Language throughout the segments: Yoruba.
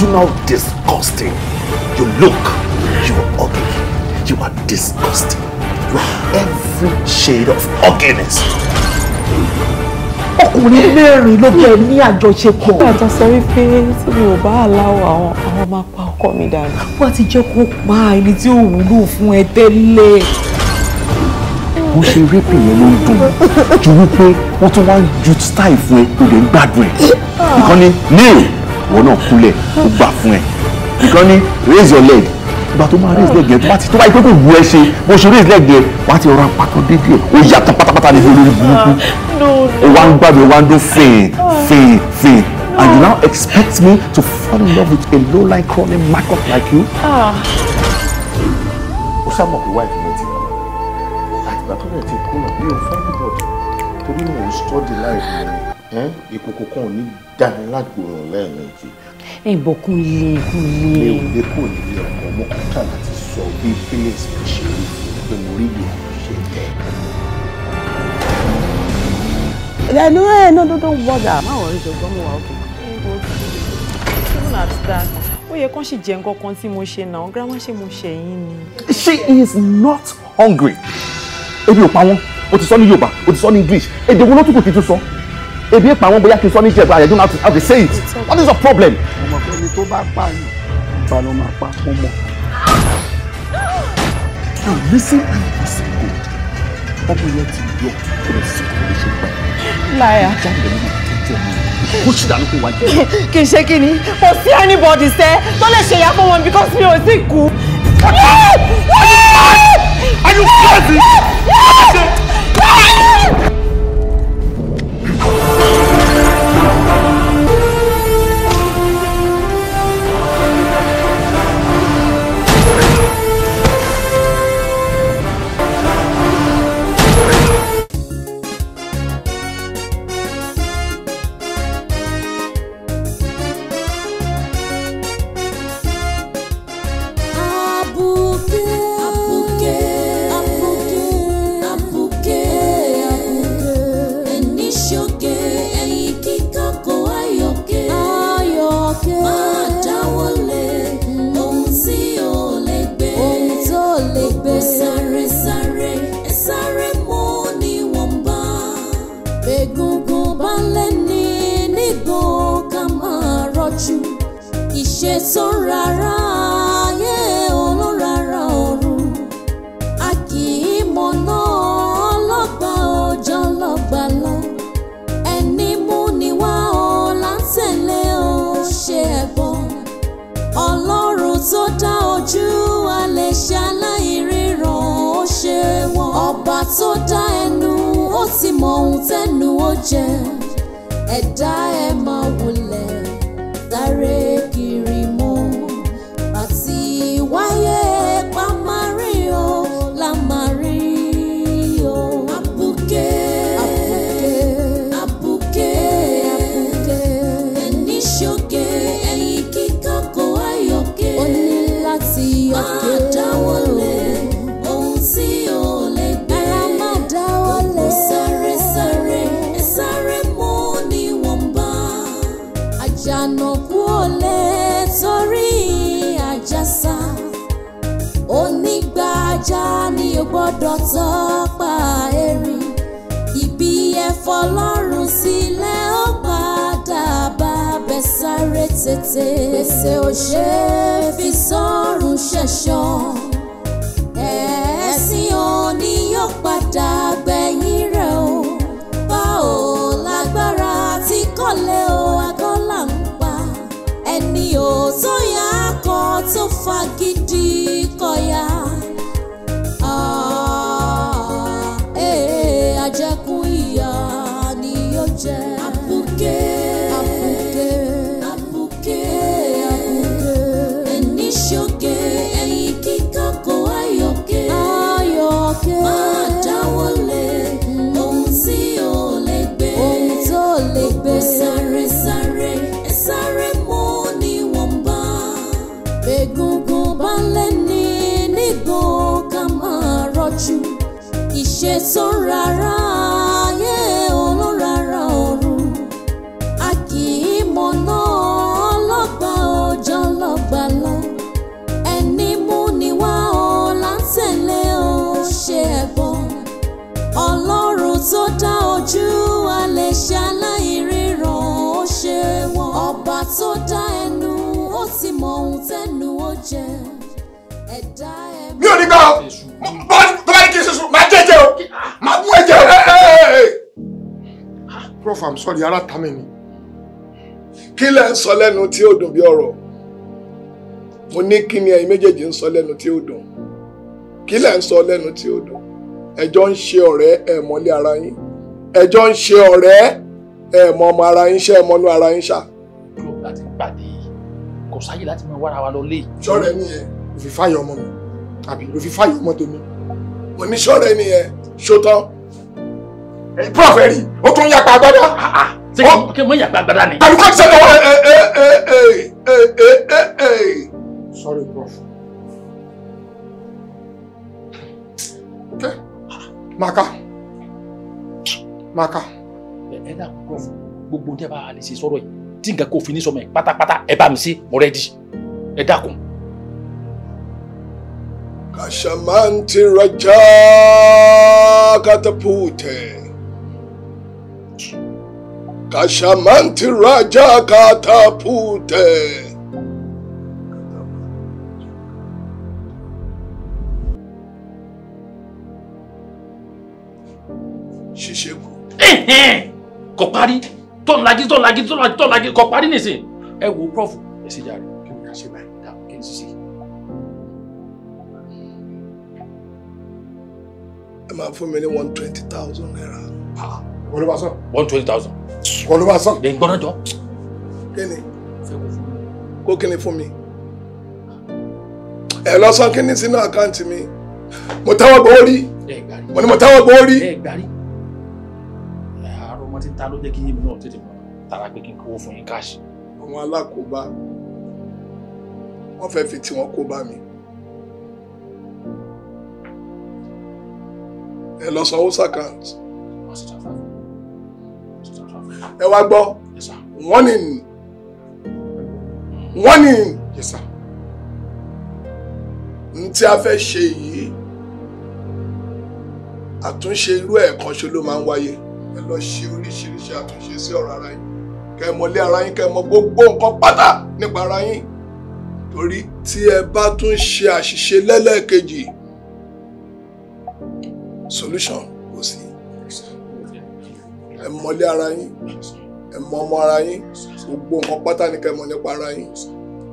do not disgusting. You look, you are ugly. You are disgusting. You are every shade of ugliness. ọkùnrin mẹ́rin ló bẹ̀rẹ̀ ní àjọṣepọ̀. nígbà tó sọ wípé tí mi ò bá aláwọ̀ àwọn àwọn máa pa ọkọ mi dànù. wọ́n ti jẹ́ kó pa ẹni tí ò wúlò fún ẹ tẹ́lẹ̀ bó ṣe rẹ́pì yẹn ló ń dùn ju wípé wọ́n tún wá ju style fún ẹ ló lè gbádùn ẹ̀ ìkànnì nail wọn náà kúnlẹ̀ ó gbà fún ẹ nìkan ni raise your leg ìgbà tó máa raise leg yẹn tó bá ti tó bá yẹ pé kò wú ẹ ṣe bó ṣe raise leg yẹn wàá ti rọra pàtó dédé ó yàtọ̀ pátápátá ní olórí burúkú ah, ó wá ń gbàgbé wá ń dún fìn fìn fìn ah. and you now expect me to fall in love with a low-line crawling markup like you. Ah. ó sábà pé wáìfì mi ti kú àtìgbà tó lè ti kú náà mi ò fẹ́ níbọ̀dì torí mò ń study life mi ìkòkò kan ò ní dá mi lágbòrò lẹ́ẹ̀mejì. ẹ bọ kún lé kún lé. mi ò kò ní ọkọ mo kàn láti sọ bí phillips ṣe rí pé mo rí ìlú ṣe tẹ. ẹnu ẹ náà tó tó ń bọ̀dà má wọ̀ ẹ́ jọ̀gbọ́n mo wà ókè. even at ó yẹ kán sì jẹ nǹkan kan tí mo ṣe náà grandma ṣe mo ṣe yín ni. she is not hungry ebi ò pa wọn o ti sọ ní Yorùbá o ti sọ ní English èdè wo ló tún kò kí tún sọ ebi e pa àwọn bóyá kí n sọ ní jẹ i don't know say it what is your problem. ọmọ tó bá pa yìí ìgbà ló máa pa fún mọ. now listen and listen good ọmọ yẹn ti yọ kó lè sọ kó lè láyà kó ṣì dànù kó wá jẹ. kì í ṣe kí ni kò sí anybody sẹ tó lè ṣe ìyá fún wọn because mi ò sí kú. are you crazy? èso rárá ayé olóró rárá ọ̀run a kì í mọ̀nà ọlọ́gbà ọjọ́ lọ́gbà lọ ẹni mú ni wá ọ láńtẹ̀lé ọ ṣe ẹ̀bọ ọlọ́run tó dá ojú wa lè ṣaláì ríran ó ṣe wọn ọba tó dá ẹnu ó sì mọ ohun tẹ́nu ó jẹ ẹ̀dá ẹ̀. dọ̀tọ́ pa erin ibi ẹ̀fọ́ lọ́rùn sílẹ̀ ó padà bá bẹ́ sáré tètè èsè ò ṣe é fi sọ́run ṣẹ̀ṣọ́ ẹ̀ẹ́sìn òní yóò padà gbẹ̀yìn rẹ̀ o bá ò lágbára tí kò o agọ́là ń pa ẹni ò tó yà á tó fagídí. ayé tó rárá ayé olórara ọ̀run a kì í mọ̀nà ọlọ́gbà ọjọ́ lọ ẹni mú ni wá ọ láńtẹ̀lé ọ ṣe ẹ̀bọ ọlọ́run tó dá ojú wa lè ṣaláì ríran ó ṣe wọn ọba tó dá ẹnu ó sì mọ ohun tẹnu ó jẹ ẹ̀dá ẹ̀mí. mi ò ní gbà of am sorry ara ta mi ni. kí lẹ ń sọ lẹ́nu tí ó dùn bí ọ̀rọ̀ mo ní kí ni ẹ̀yin méjèèjì ń sọ lẹ́nu tí ó dùn kí lẹ ń sọ lẹ́nu tí ó dùn ẹjọ́ ń ṣe ọ̀rẹ́ ẹ̀ mọ́lé ara yín ẹjọ́ ń ṣe ọ̀rẹ́ ẹ̀ mọ ọmọ ara yín ṣe ẹ̀ mọ́nú ara yín ṣá. club láti pàdé kò sáyè láti mọ wára wa lọ lé. sọ̀rọ̀ ẹ nìyẹn òfìfáyọ̀ ọmọ mi àbí òfìfáyọ̀ ọmọ tèmi mo ní sọ̀rọ̀ ẹ nìyẹn ṣótán. Eh, prof ẹ rí o tún yàgbà agbada. Ah, ah, ṣé mo yàgbà agbada ni. tàbí kọ́ọ̀tù sẹ́dọ̀ wọ́n. sorry prof. maka maka. ẹ dà prof gbogbo tẹ́ bá a lè ṣe sọ̀rọ̀ yìí tí nǹkan kò fi ní sọmọ ẹ pátápátá ẹ bá mi ṣe mo rẹ́dí ẹ dákun. kàṣàmántì rajá katapútẹ̀. Kashamanti Raja Katapute. kò parí tó ń lagi tó ń lagi tó ń lagi tó ń lagi kò parí nìsín ẹ wo prof ẹ sì jàre kí ni ká ṣe báyìí dá kí n sì. ẹ máa fún mi ní one twenty thousand naira. Ah olúwa one twenty thousand. olúwa sọ. lè gbọ́dọ̀ jọ. kíni kó kíni fún mi ẹ lọ sọ kíni sínú àkáǹtì mi mo táwọn gbowó rí mo ní mo táwọn gbowó rí. àárọ̀ wọn ti ta ló jẹ́ kí yín mi náà tètè mọ̀ tara pé kí n kówó fún yín káàṣì. àwọn alákòóbá wọn fẹ́ fi tiwọn kó bá mi. ẹ lọ sọ host account ẹ wá gbọ́ warning warning n tí a fẹ́ ṣe yìí àtúnṣe irú ẹ̀ kan ṣe ló máa ń wáyé ẹ lọ ṣe oríṣiríṣi àtúnṣe sí ọ̀rọ̀ ara yín kẹ mọ lé ara yín kẹ mọ gbogbo nǹkan pátá nípa ara yín torí tí ẹ bá tún ṣe àṣìṣe lẹ́lẹ́kejì solution kò sí ẹ mọlé ara yín ẹ mọ ọmọ ara yín gbogbo nǹkan pátá ni kẹ́ mọ̀ nípa ara yín.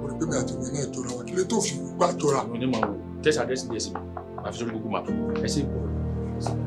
orí pé mi àti ìwé náà jọra wa kí ló tó fi gbà jọra. mi ò ní mọ̀ o tẹ́sí àdẹ́sí díẹ̀ sí mi àfi sórí gbogbo màtó ẹ sì gbọ́ ẹ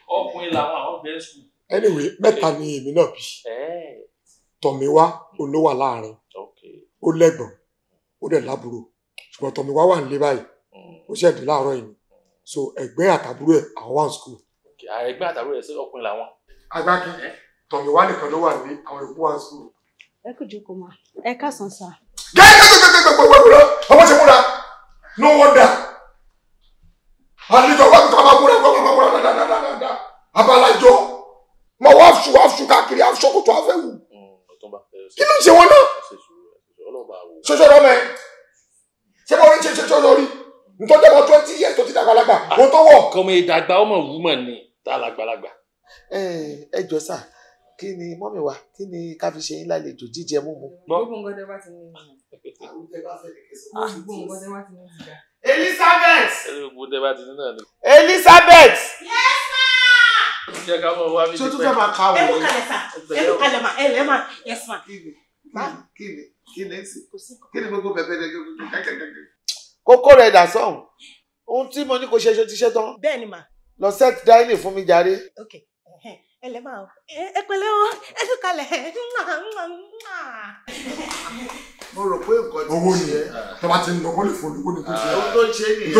ọkùnrin làwọn àwọn bẹ̀rẹ̀ skul. anyway mẹ́ta ni èmi náà bí tọ̀míwá olówà láàrin ó lẹ́gbọ̀n ó dẹ̀ lábúrò ṣùgbọ́n tọ̀míwá wà nílé báyìí ó ṣẹ̀ dé láàárọ̀ yìí so ẹ̀gbẹ́ àtàbúrò ẹ̀ àwọn wà ní skul. ẹ̀gbẹ́ àtàbúrò ẹ̀ sí ọkùnrin làwọn. agbáki tọ̀míwá nìkan ló wà ní àwọn ìkú wà ní skul. ẹ kò jókòó ma ẹ káàsán sá. gẹ́gẹ́ gẹ́gẹ́ gẹ́gẹ́ gbogbo ọmọ ṣe múra abalajọ mọ wá fún wá fún káàkiri aṣọkòtò afẹwù kí ló ń ṣe wọn náà ṣoṣo rọ mẹ ṣé bọ́ọ̀rì ṣe ṣoṣo rí nítorí ọmọ twenty years tó ti dàgbàlagbà kó ah, tó wọ̀. kọ́mọ ìdàgbà ọmọ wúmọ̀ ni tá a lágbàlagbà. ẹ jọ sá kí ni mọ́mì wa kí ni ká fi ṣe yín lálejò jíjẹ múmu. Ah, Elizabeth. Elizabeth jẹ́ ká mọ̀ wá mi ti pẹ́. ṣé o tún fẹ́ máa ka òwe? ẹ mú kalẹ̀ sá ẹ mú kalẹ̀ mà ẹ lẹ́ mà ẹ sàn. kí ni kí ni kí ni kí ni gbogbo bẹ̀bẹ̀ kókó rẹ dà sọ́hùn ohun tí mo ní kò ṣe ṣe ti ṣe tán. bẹ́ẹ̀ni mà. lọ set dining fún mi jàre. ok ẹ lẹ máa ẹ pẹ̀lẹ́ o ẹ tún kalẹ̀ mo rò pé nǹkan ti ṣe. owó ni tó ti ń lọ wọ́n lè fún olówó ni tó ṣe. tó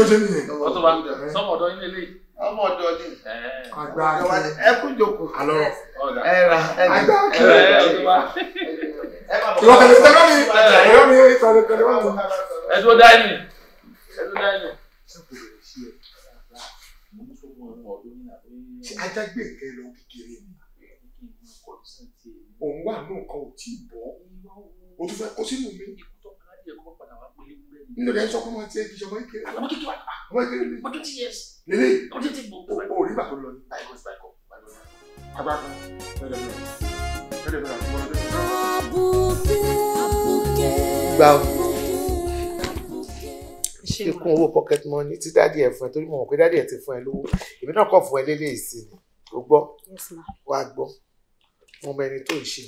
ṣe ṣe nìyẹn. tó ń bẹ̀rẹ̀ sọ́mọ ọ̀dọ́ yín lélẹ̀. ọmọ ni. Eh. àgbà kí ẹ kú jòkó. àlọ́ ẹ ra ẹ ra ẹ ra eh, ìwọ tẹlẹ tẹlẹ mi ẹyọ mi tẹlẹ tẹlẹ mi. ẹ tó dá ẹni ẹ tó dá ẹni. ajá gbé nǹkan lọ kékeré ni òun wà ní nǹkan ò tí ì bọ́ o tún fẹ́ kó sínú mi. nínú rẹ̀ ń sọ fún wọn tí ẹ kì í ṣe ọmọ ìkéré. ọmọ kékeré ọmọ ìkéré ni. ti yẹ ẹsì. lele ọdún ti gbogbo. o rí bàtò lọ ní. agbára fẹ́rẹ̀ fẹ́rẹ̀ fẹ́rẹ̀ fẹ́rẹ̀ owó pocket money tí dáàdì ẹ fún ẹ torí mo mọ̀ pé dáàdì ẹ ti fún ẹ lówó èmi náà kọ̀ fún ẹ lélẹ́yìí sí ni o gbọ́ wàá gbọ́ mo mọ ẹni tó ń ṣe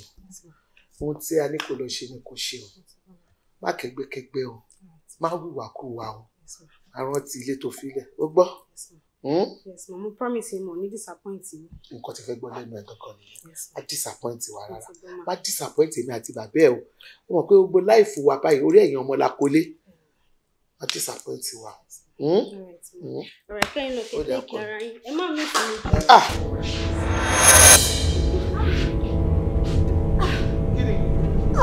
ohun tí a ní kò lọ ṣe ni kò ṣe o má kẹ́gbẹ́kẹ́gbẹ́ o má hùwàkúwà o àrùn ti ilé tó filẹ̀ ó gbọ́. Hmm? yes mo promise mo ní disappoint mi. nǹkan tí fẹ́ gbọ́ lẹ́nu ẹ̀ kankan nìyẹn má disappoint wa rárá má disappoint mi àti bàbá ẹ o ó mọ̀ pé gbogbo láìfù wa báyìí orí ẹ̀yìn ọmọ la kọ́lé má disappoint wa. ọ̀rẹ́ kẹ́hìn lọ kẹ́kẹ́ kí ara yín ẹ má mú ìfún mi. Ah!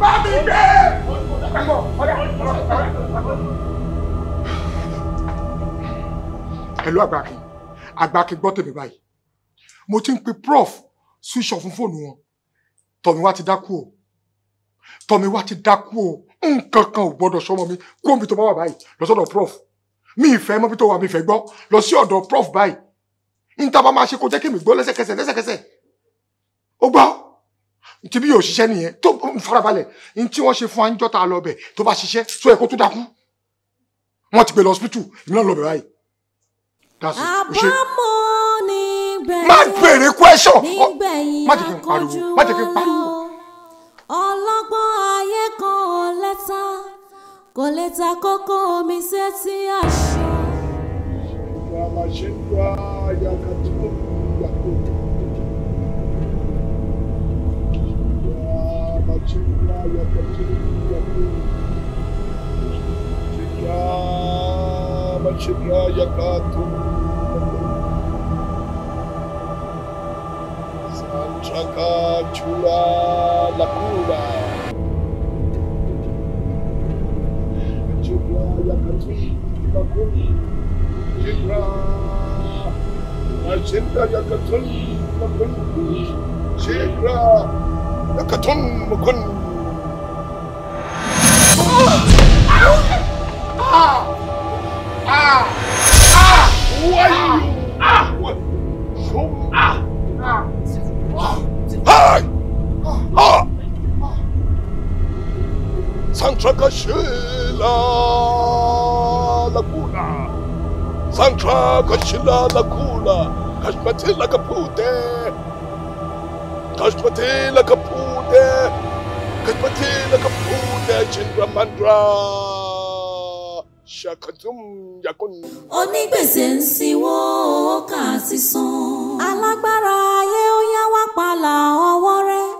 bá mi gbé. ẹ̀gbọ́n ọ̀dà ẹ̀lú àgbàkì àgbàkì gbọ́ tèmi báyìí mo ti ń pe prof switch off fún fóònù wọn tọ̀mí wá ti dákú o tọ̀mí wá ti dákú o nǹkan kan ò gbọ́dọ̀ sọmọ mi kó omi tó bá wà báyìí lọ sọ́dọ̀ prof mi ìfẹ́ mọ́bí tó wà mi ìfẹ́ gbọ́ lọ sí ọ̀dọ̀ prof báyìí níta bá máa ṣe kó jẹ́ kí mi gbọ́ lẹ́sẹ̀kẹsẹ̀ lẹ́sẹ̀kẹsẹ̀ ó gbọ́ tí bí yóò ṣiṣẹ́ nìyẹn tó farabalẹ̀ ní tí wọ́n ṣe fún anjọ́ tá a lọ bẹ̀ tó bá ṣiṣẹ́ tó yẹ kó tó dákú wọ́n ti gbé lọ hospital èmi lọ bẹ̀ báyìí. àbámọ̀ ni gbẹ̀yìn má bèrè question má jẹ́ kí n ọlọ́gbọ́n ayé kan ò lẹ́ta kò lè ta kókó omi sétí àṣà. ìyá màṣẹ́ ń gbá ayé àkàtúntò. चिन्नाय चिन्यामचिन्याय कातुं साक्षकाचुरा लकुरा चिन्याय कथि लकुनि चिन्या अचिन्याय कथुनि लकुनि शीघ्र Nakaton Mukun. Ah! Ah! Ah! Who are you? Ah! What? So? Ah! Ah! Hi! Ah! Santraka Shila Laguna. Yee! Katpatila kapuda chindramandra. Ṣàkàtún yàkùn. Onígbèsè ń siwó kà sísan. Alágbára ayé ó yá wá pàlà ọwọ́ rẹ̀.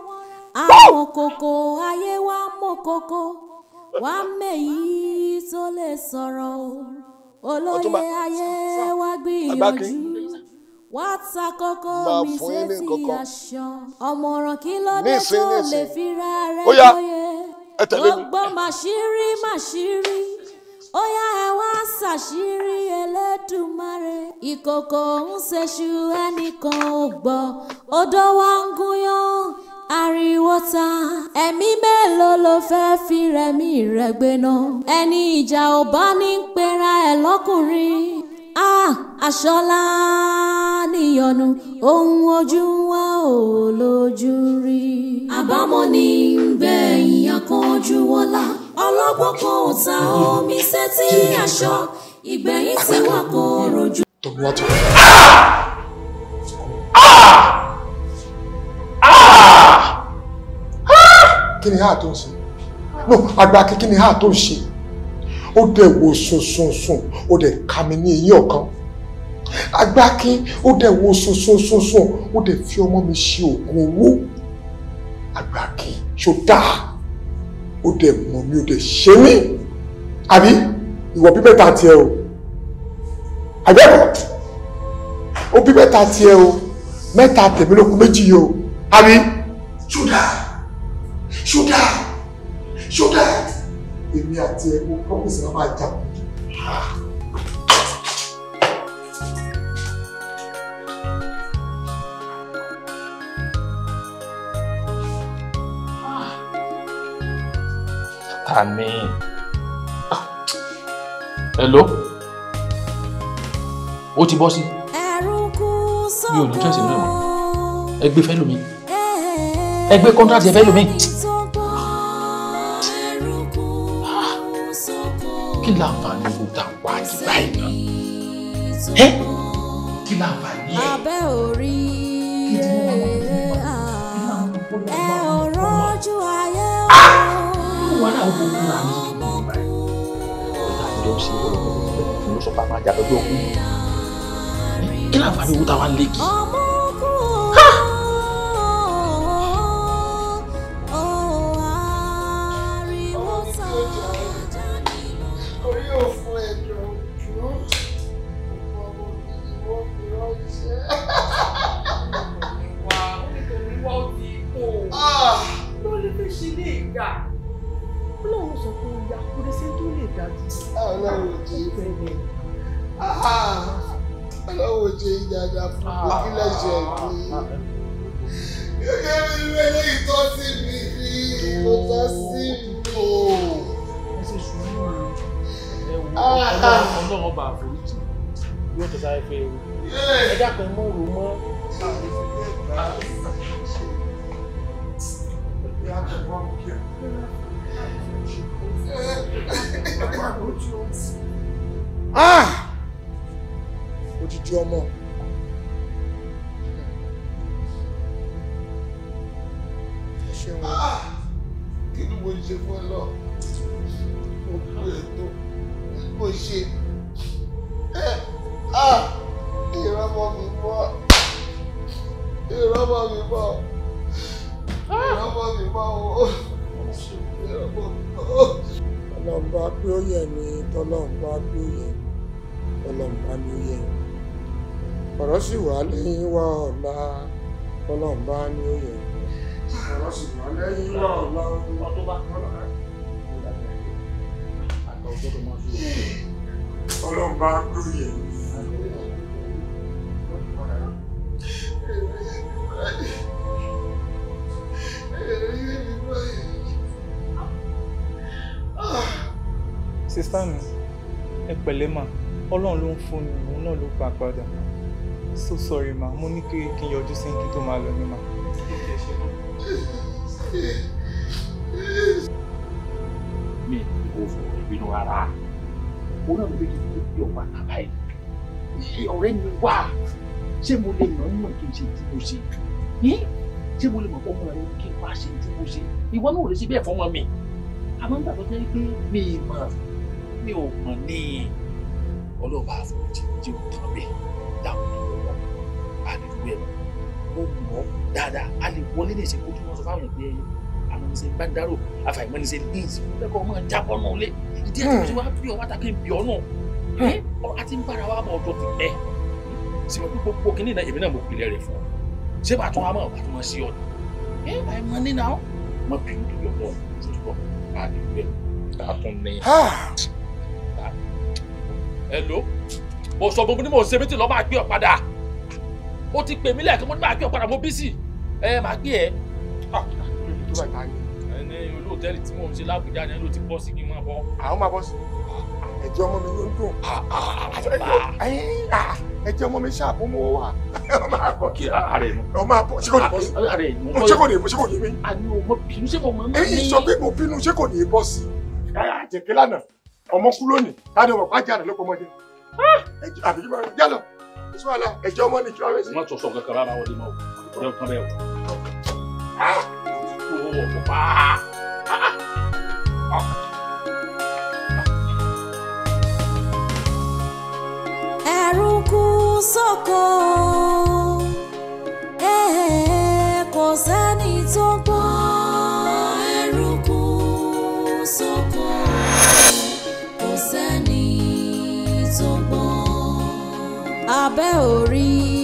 Àwọn kòkò ayé wá tó lè sọ̀rọ̀ o. Olóyè ayé wá gbìyànjú wá ta kókó mi sétí aṣọ ọ̀mọ̀ràn kí ló dé tó lè fi ra rẹ lóye gbogbo màṣírí màṣírí ó yá ẹ wá ṣàṣírí ẹlẹ́dùnmáre ìkòkò ń ṣeṣu ẹnìkan ò gbọ́ odò wa ń gúnyán ariwo ta ẹ̀mí mélòó ló fẹ́ fi rẹ̀mí rẹ̀ gbéná ẹni ìjà ò bá ní pera ẹ̀ lọ́kùnrin a ah, aṣọlá níyọnu ohun ojú wa ò lójú rí. àbámọ̀ ni ń bẹ ìyàn kan ojú wọlá ọlọ́gbọ́n kan ta omi sétí aṣọ ìgbẹ̀yìn tí wà kò rojú. kí ni háà tó ń ṣe no àgbà kí ni háà tó ń ṣe ó dẹ̀ wo sùnsùnsùn ó dẹ̀ ka mi ní eyín ọ̀kan agbákin ó dẹ̀ wo sùnsùnsùn ó dẹ̀ fi ọmọ mi ṣe oògùn owó agbákin ṣó dáa ó dẹ̀ mọ̀ mi ó dẹ̀ ṣe mí àbí ìwọ bíbẹ́ ta tiẹ̀ o àbẹ́kọ̀ ó bíbẹ́ ta tiẹ̀ o mẹ́ta tèmi ló méjì yìí o àbí ṣó dáa ṣó dáa ṣó dáa èmi àti ẹ mo promise wọn máa jà. Àmì. Hello? Ó ti bọ́ sí. Mi ò ní jẹ́sìn náà mọ́. Ẹ fẹ́ lómi. Ẹ gbé kọ́ńtàtì ẹ fẹ́ lómi. kí láǹfààní owó tá à ń pa àti báyìí náà ẹ kí láǹfààní ẹ kí ni ẹ ọ̀rọ̀ ojú ayé ah! ó wà láwọn gbogbo náà ní ìlú ìbàdàn ọ̀tá ìjọ ṣe ọ̀rọ̀ ọ̀rọ̀ ìfowósọ̀pá máa jábẹ́ bí ọkùnrin kí láǹfààní owó tá a wá lé kí. AJ. sísá mi ẹ pẹ̀lẹ́ mà ọlọ́run ló ń fún mi òun náà ló gbà padà so sorry ma mo ní kí n yọjú sí kí tó máa lọ ní ma. mi ò fọ ìbínú ara mo náà lóye kí n bí ọgbà kaba yìí ọ̀rẹ́ mi wá ṣé mo lè mọ̀ mọ̀ kí n ṣe tí mo ṣe ṣé mo lè mọ̀ fọmọ rẹ kí n wá ṣe tí ṣe ìwọ náà ò lè ṣe bẹ́ẹ̀ fọmọ mi àmọ́ nígbà tó pé mi ì mọ̀ mi ò mọ̀ ní ọlọ́ba àforíjì jẹ́ òtán bẹ́ẹ̀ dáhùn tó lọ́wọ́ àdúgbò ẹ̀ mo mọ̀ dáadáa a lè wọlé lè ṣe kó tí wọ́n sọ fáwọn ìgbé ẹyẹ amúnisẹ bá dárò àfàìmọ́nisẹ leeds lẹ́kọ̀ọ́ ọmọ jábọ́ náà lé ìdí àti wá bí ọ wáta kí n bí ọ náà ọ̀rọ̀ àti ń bára wa bọ̀ ọjọ́ ti pẹ́ sí wọn gbogbo kí nìyẹn èmi náà mo pilẹ̀ rẹ̀ fún ọ ṣé bàtún wa máa bàtún wọn sí ọ ẹ àìmọ́ nínà ọ mọ bí n yọ náà ṣùgbọ́n àdúgbò àtúnlẹ̀ hello mo sọ mo ní mò ń ṣe méjì lọ́ máa gbé ọ padà ó ti pè mí lẹ́ẹ̀kan mo ní máa gbé ọ padà mo bísí ẹ máa gbé ẹ. Ah, ẹni olóòtẹ́lì tí mò ń ṣe lábùjá ni ló ti bọ́ sí kí n máa bọ́. àwọn máa bọ́ sí ẹ̀jẹ̀ ọmọ mi ló ń dùn ah, ah, ẹ̀jẹ̀ ọmọ mi ṣàbọ̀ mọ́ wà. kí ààrẹ mu. ọ máa bọ̀ ṣé kò ní bọ́ sí. ààrẹ mu kọ́ ṣé kò ní ṣé kò ní mi. àní o mo bínú ṣé kò mọ̀ mọ́ mi. èyí sọ pé mo bínú ṣé kò ní bọ́ sí. àjẹkẹ́ lánàá ọmọ kú lónìí láti wọ̀ pàjá rẹ̀ lọ́pọ̀ ọmọdé àbíjúmọ̀ yálọ̀ sí wàhálà ẹ̀jẹ̀ ọmọ ní kíra wẹ́sì. wọ́n tún kankan rárá wọlé máa wò ọ̀rẹ́ kan bẹ́ẹ̀ wò. Ah! ẹ̀rù kú sóko eh, eh, eh, kò sẹ́ni tó gbọ́. Abeori.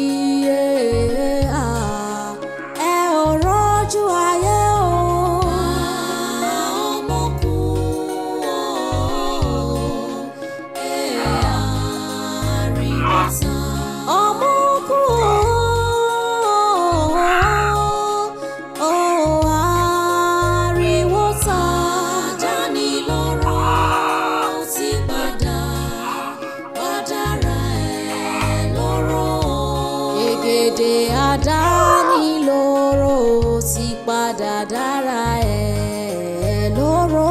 dá ní lóró ti padà dára ẹ̀ lóró.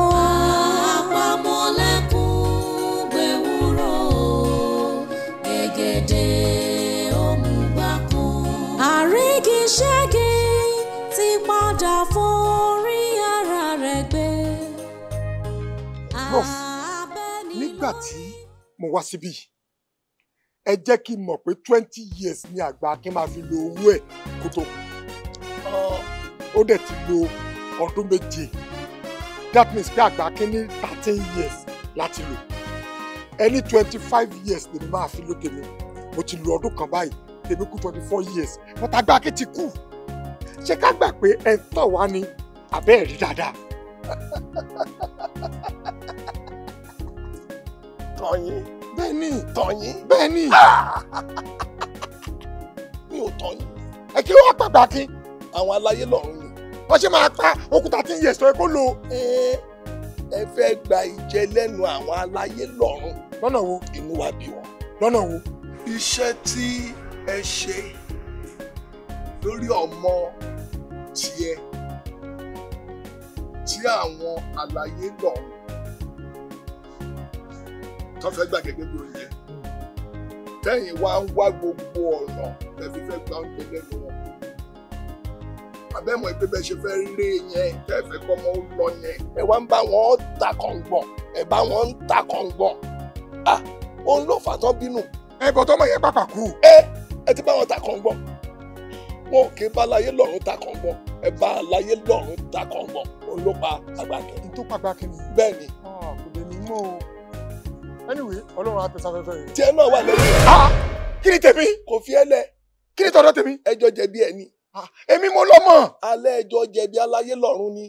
àpamọ́ lẹ́kùn gbẹ̀wúrò gẹ́gẹ́dẹ́ òmùgbàkú. àrígiṣẹ́gi ti padà forí ara rẹ̀ gbé. nígbà tí mo wá síbí yìí ẹ jẹ́ kí n mọ̀ pé twenty years ni àgbà akin máa fi lo owó ẹ̀ kó tó ó dẹ̀ ti lo ọdún méje that means pé àgbà akin ní thirteen years láti lò ẹni twenty five years lèmi máa fi lò tèmi mo ti lo ọdún kan báyìí tèmi kú twenty four years but àgbà akin ti kú ṣé ká gbà pé ẹ ń tàn wá ni àbẹ́ ẹ̀rí dáadáa. tọ́yìn bẹ́ẹ̀ ni tọ̀yìn bẹ́ẹ̀ ni mi ò tọ̀yìn ẹ kí wọ́n pàgbà kí àwọn aláyé lọ́rùn ni wọ́n ṣe máa pa òkúta tí ń yẹ sọ ẹ kó lo ẹ fẹ́ gba ìjẹ lẹ́nu àwọn aláyé lọ́rùn lọ́nà wo inú wa bí wọn lọ́nà wo. iṣẹ́ tí ẹ ṣe lórí ọmọ tiẹ̀ tí àwọn aláyé lọ́rùn tó fẹ́ gbà gẹ́gẹ́ bí oúnjẹ tẹ́yìn wá ń wá gbogbo ọ̀nà lẹ́fi fẹ́ gba oúnjẹ lẹ́nu wọn abẹ́mọ̀ pé bẹ́ẹ̀ ṣe fẹ́ lé yẹn tẹ́ fẹ́ kọ́ ọmọ ó lọ yẹn ẹ wá ń bá wọn ta kọ̀ǹgbọ̀n ẹ bá wọn ń ta kọ̀ǹgbọ̀n ah òun ló fà tán bínú. ẹ bọ̀ tọ́mọ yẹn pàpà kú. ẹ ẹ ti bá wọn ta kọ̀ǹgbọ̀n wọn kì í bá láyé lọ́run ta kọ̀ǹgbọ̀n ẹ bá láyé lọ́run ta kọ̀ǹgbọ̀n òun ló pa àgbàkẹ́. n tó pa àgbàkẹ́ mi. bẹ́ẹ̀ ọ̀ kò dé ní o anyway ọlọ́run àtẹ̀sáfẹ́fẹ́ yìí. tiẹ̀ náà wà lẹ́yìn. Ah! kí ni tèmi. kò fi ẹ lẹ. kí ni tọ̀dọ̀ tèmi. ẹjọ́ jẹ̀bi ẹ ni. Ah, èmi mo lọ́mọ. alẹ́ ẹjọ́ jẹ̀bi aláyé lọ́run ni.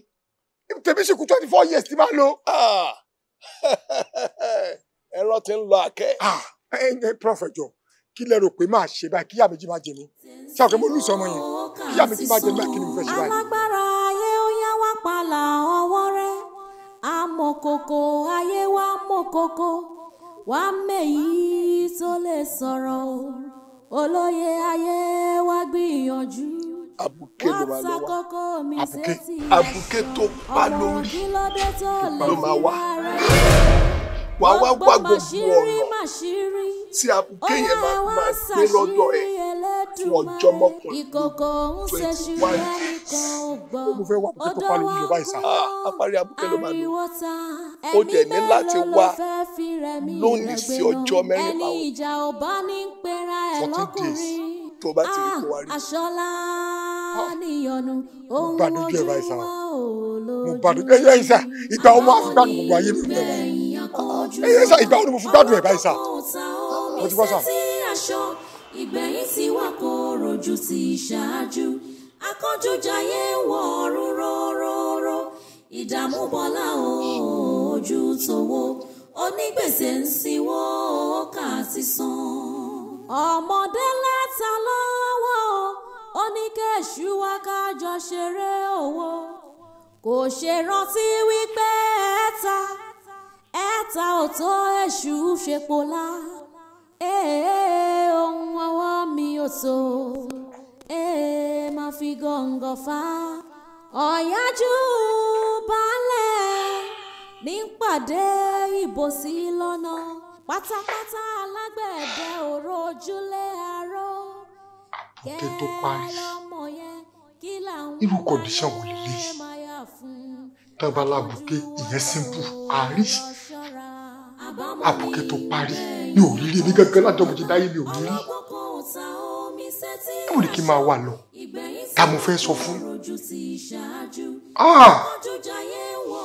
tèmi sì kú twenty four years tí máa lò. Ah! ẹ̀rọ ti ń lọ àkẹ́. ẹ prophet jọ kí lẹ rò pé máa ṣe báyìí kíyà méjì máa jẹ mí ṣáà pé mo lù sọmọ yẹn kíyà méjì máa jẹ mí báyìí kí ni mo fẹ́ ṣe báyìí. alágbára ayé ó yá wá pàlà ọwọ́ rẹ̀ amọ̀kòkò ayé wa mọ̀kòkò wá mẹ́yìí tó lè sọ̀rọ̀ o olóye ayé wá gbìyànjú wọ́n ta kókó mi sétí ẹ̀sọ́ ọmọ kí ló dé tó lè fi wá rẹ̀ wá wá wá gbogbo ọ̀nà tí àbùké yẹn máa gbé lọ́dọ̀ ẹ̀ ọjọ́ mọ́kànlá twenty one days mo fẹ́ wá àbúkẹ́ tó parí yorùbá ìsà apárí ah, àbúkẹ́ ló máa lò ó dẹ̀ ní láti wá lónìí sí ọjọ́ mẹ́rìnlá fourteen days tó bá ti rí ah, kó wá rí ah, mo bá dojú ẹ̀ báyìí sá mo bá dojú ẹ̀ yẹ́ ìsà ìgbà ọmọ àfipá ni gbogbo ayé mi fẹ́ ẹ̀ yẹ́ ìsà ìgbà ọmọ àfipá ni gbogbo ayé mi fẹ́ báyìí mo ti bọ́ sá ìgbẹ̀yìn sì wà kó rojú sí ìṣáájú akọ́jújayé ń wọ̀ ọ̀run róróró ìdààmú bọ́lá ojú tòwó onígbèsè ń sinwó kà sí san. ọmọdé láta lọ́wọ́ oníkẹ́sù wa kájọ ṣeré owó kò ṣe rántí wípé ẹ̀ta ẹ̀ta ò tó èṣù ṣepo lá ee eh, ohun ọwọ́ mi ò so ee má fi gọ̀ǹgọ̀ fa ọ̀yájú balẹ̀ ní pàdé ìbòsí lọ́nà pátápátá alágbẹ̀dẹ òrò ojúlé aró kẹ́ lọ́mọ yẹn kí làwọn ọmọ yẹn máa yà fún. tábàlà bùkẹ́ ìyẹn simple àárí àbùkẹ́ tó parí mi ò rí rí èmi gangan lájọ mo ti dáyé mi ò rí rí báwo ni kí n máa wà lọ ta mo fẹ́ sọ fún ah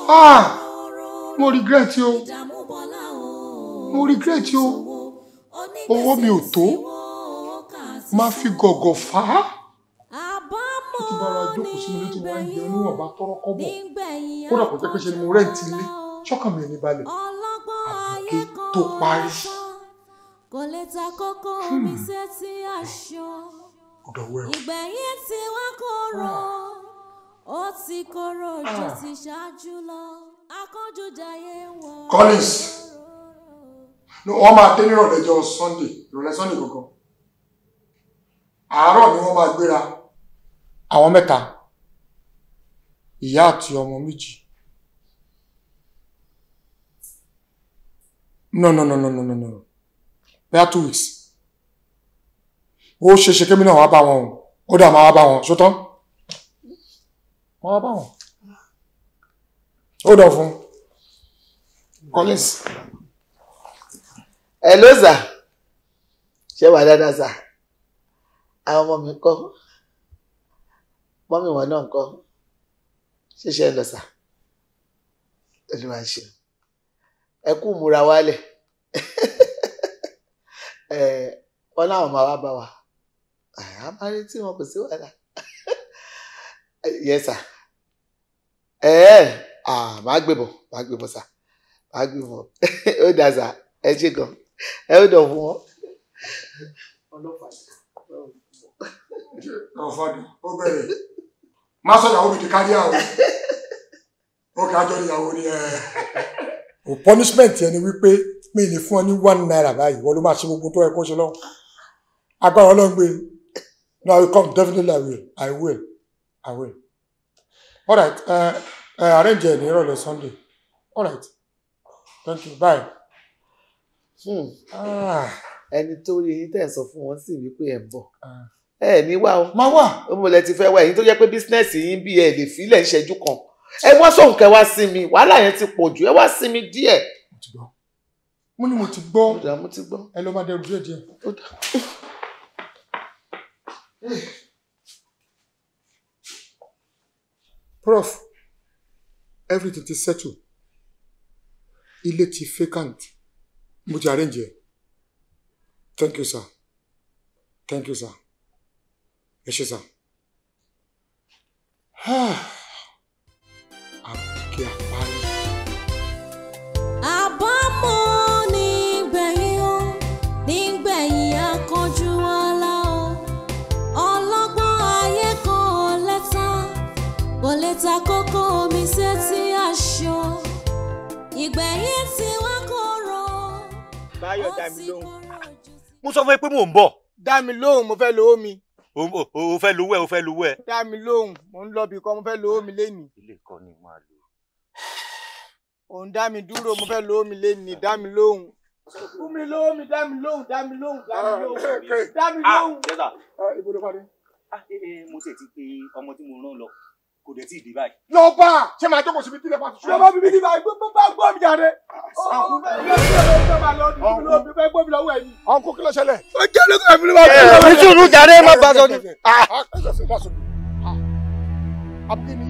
ah mo regret o mo regret o owó mi ò tó máa fi gọ̀gọ̀ fà á ó ti bára jókòó sínú ilé tí wọ́n ń jẹ níwọ̀n bá tọ́rọ́ bọ̀ kódà kò jẹ́ pé ṣe ni mo rẹ́ǹtì ilé ṣọ́kàn mi ò ní balẹ̀ tó parí. kò lè ta kókó omi ṣe ti aṣọ ìgbẹ̀yìn tí wọ́n kóró ó ti kóró jù ah. ti ṣáájú lọ akọ́jú jayé wọ̀. Collins wọ́n máa dé nírọ̀lẹ́ jọ Sunday ìrọ̀lẹ́ Sunday gangan àárọ̀ ni wọ́n máa gbéra àwọn mẹ́ta ìyá àti ọmọ méjì. no no no no no no no bẹ́ẹ̀ two weeks ó ṣe ṣe kémi náà wá bá wọn ó dà máa wá bá wọn ṣótán wọ́n wá bá wọn ó dọ̀ fún collins. ẹ ló zà ṣé wàá dáadáa zà àwọn ọmọ mi kọ́ mọ́mí wọn náà kọ́ ṣíṣe ẹ lọ ẹ múra wálẹ̀ wọn láwọn máa wa a máa retí wọn kò sí wàhálà yes ẹ ẹ máa gbébọn máa gbébọn sà máa gbébọn ó dà sà ẹ gan ẹ fún wọn. ó bẹ̀rẹ̀ má sọ ìyàwó mi kárí àwọn ó ìyàwó o punishment yẹn ni wípé mi ì lè fún ọ ní one naira báyìí wọ́n ló máa ṣe gbogbo tó yẹ kó ṣe lọ́wọ́ agbára ọlọ́run gbé no i will come definitely i will i will i will all right uh, uh, arrange ẹ̀ ní ìrọ̀lẹ́ sunday all right thank you bye. Hmm. Ah ẹni tó rí yín tẹ̀ sọ fún wọn sì wípé ẹ̀ ń bọ̀ ah. ẹ ní wá o má wà ó mọ̀lẹ́ ti fẹ́ wá ẹ̀yin tó jẹ́ pé bísínẹ́sì yín bí ẹ̀ lè fílẹ̀ ń ṣẹ́jú kan ẹ wá sọ nǹkan wá sí mi wàhálà yẹn ti pọ̀ jù ẹ wá sí mi díẹ̀. mo ti gbọ́ mo ní mo ti gbọ́ mo ti gbọ́ ẹ lọ máa dẹrù díẹ̀ díẹ̀. prof everything ti settle ilé ti vacant mo ti arrange ẹ thank you sir thank you sir ẹ ṣé sir. Ah kí a parí. àbámọ̀ nígbẹ̀yìn o nígbẹ̀yìn akọjú ọlá o ọlọ́gbọ́n ayé kan ò lẹ́ta kò lè kókó omi sétí aṣọ ìgbẹ̀yìn tí wọ́n ó ti kóró ah, jù mo sọ fún ẹ pé mò ń bọ̀. dá mi lóhùn mo fẹ́ lo omi o fẹ́ lówó ẹ o fẹ́ lówó ẹ. dá mi lóhùn mò ń lọ bìkan mo fẹ́ lówó mi lénìí. ilé ìkọ́ni máa lò òun dá mi dúró mo fẹ́ lówó mi lé ní dá mi lóhùn fún mi lówó mi dá mi lóhùn dá mi lóhùn dá mi lóhùn dá mi lóhùn. ibo ló pàdé. mo tẹ̀ ti pé ọmọ tí mo rán lọ kò dẹ̀ tí ì dé báyìí. lọ bá a ṣe máa jókòó síbi tílẹ̀ pàtó. ṣọlá bíbí ní báyìí gbogbo bá gbọ́ mi jàre. ọkùn kí ló ṣẹlẹ̀. ó jẹ́ olóko ẹ̀mí ló máa bá a. èmi sùn jàre má bá a sọ ni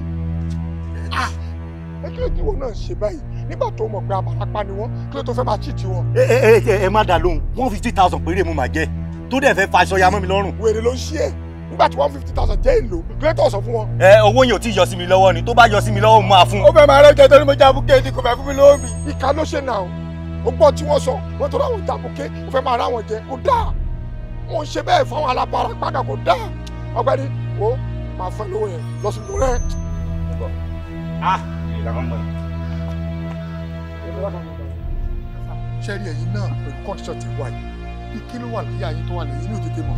ẹ kí ló ní wọn náà ṣe báyìí nígbà tó mọ̀ pé abarapa ni wọ́n kí ló tó fẹ́ máa chíìtì wọn. ẹ ẹ ẹ ẹ má dà lóhùn one fifty thousand péré mo máa jẹ tó dẹ̀ fẹ́ fa aṣọ ya mọ́ mi lọ́rùn. wèrè ló ń ṣí ẹ nígbà tí one fifty thousand jẹ́ èlò kí ló tó sọ fún wọn. ẹ owó yẹn ò tí ì yọ sí mi lọ́wọ́ ni tó bá yọ sí mi lọ́wọ́ mo máa fún. ó fẹ́ máa rẹ́ jẹ́ torí mo já búkẹ́ ní kò fẹ́ fún mi lọ́wọ́ mi. ìka ló ṣe nà ó ó gbọ́ tí wọ́n sọ wọ́n tó ráwọn jàbùkẹ́ ó fẹ́ máa ráwọn jẹ kò dáa mo ń ṣe bẹ́ẹ̀ fáwọn alábàárà padà kò dáa ọgbẹ́ni ó máa fẹ́ lówó yẹn lọ sí lórí ẹ̀. ah ṣẹ́rí ẹ̀yin náà pẹ̀lú condition ti wáyé bí kí ló wà níyà yín tó wà lẹ́yìn ní òtítẹ́ mọ̀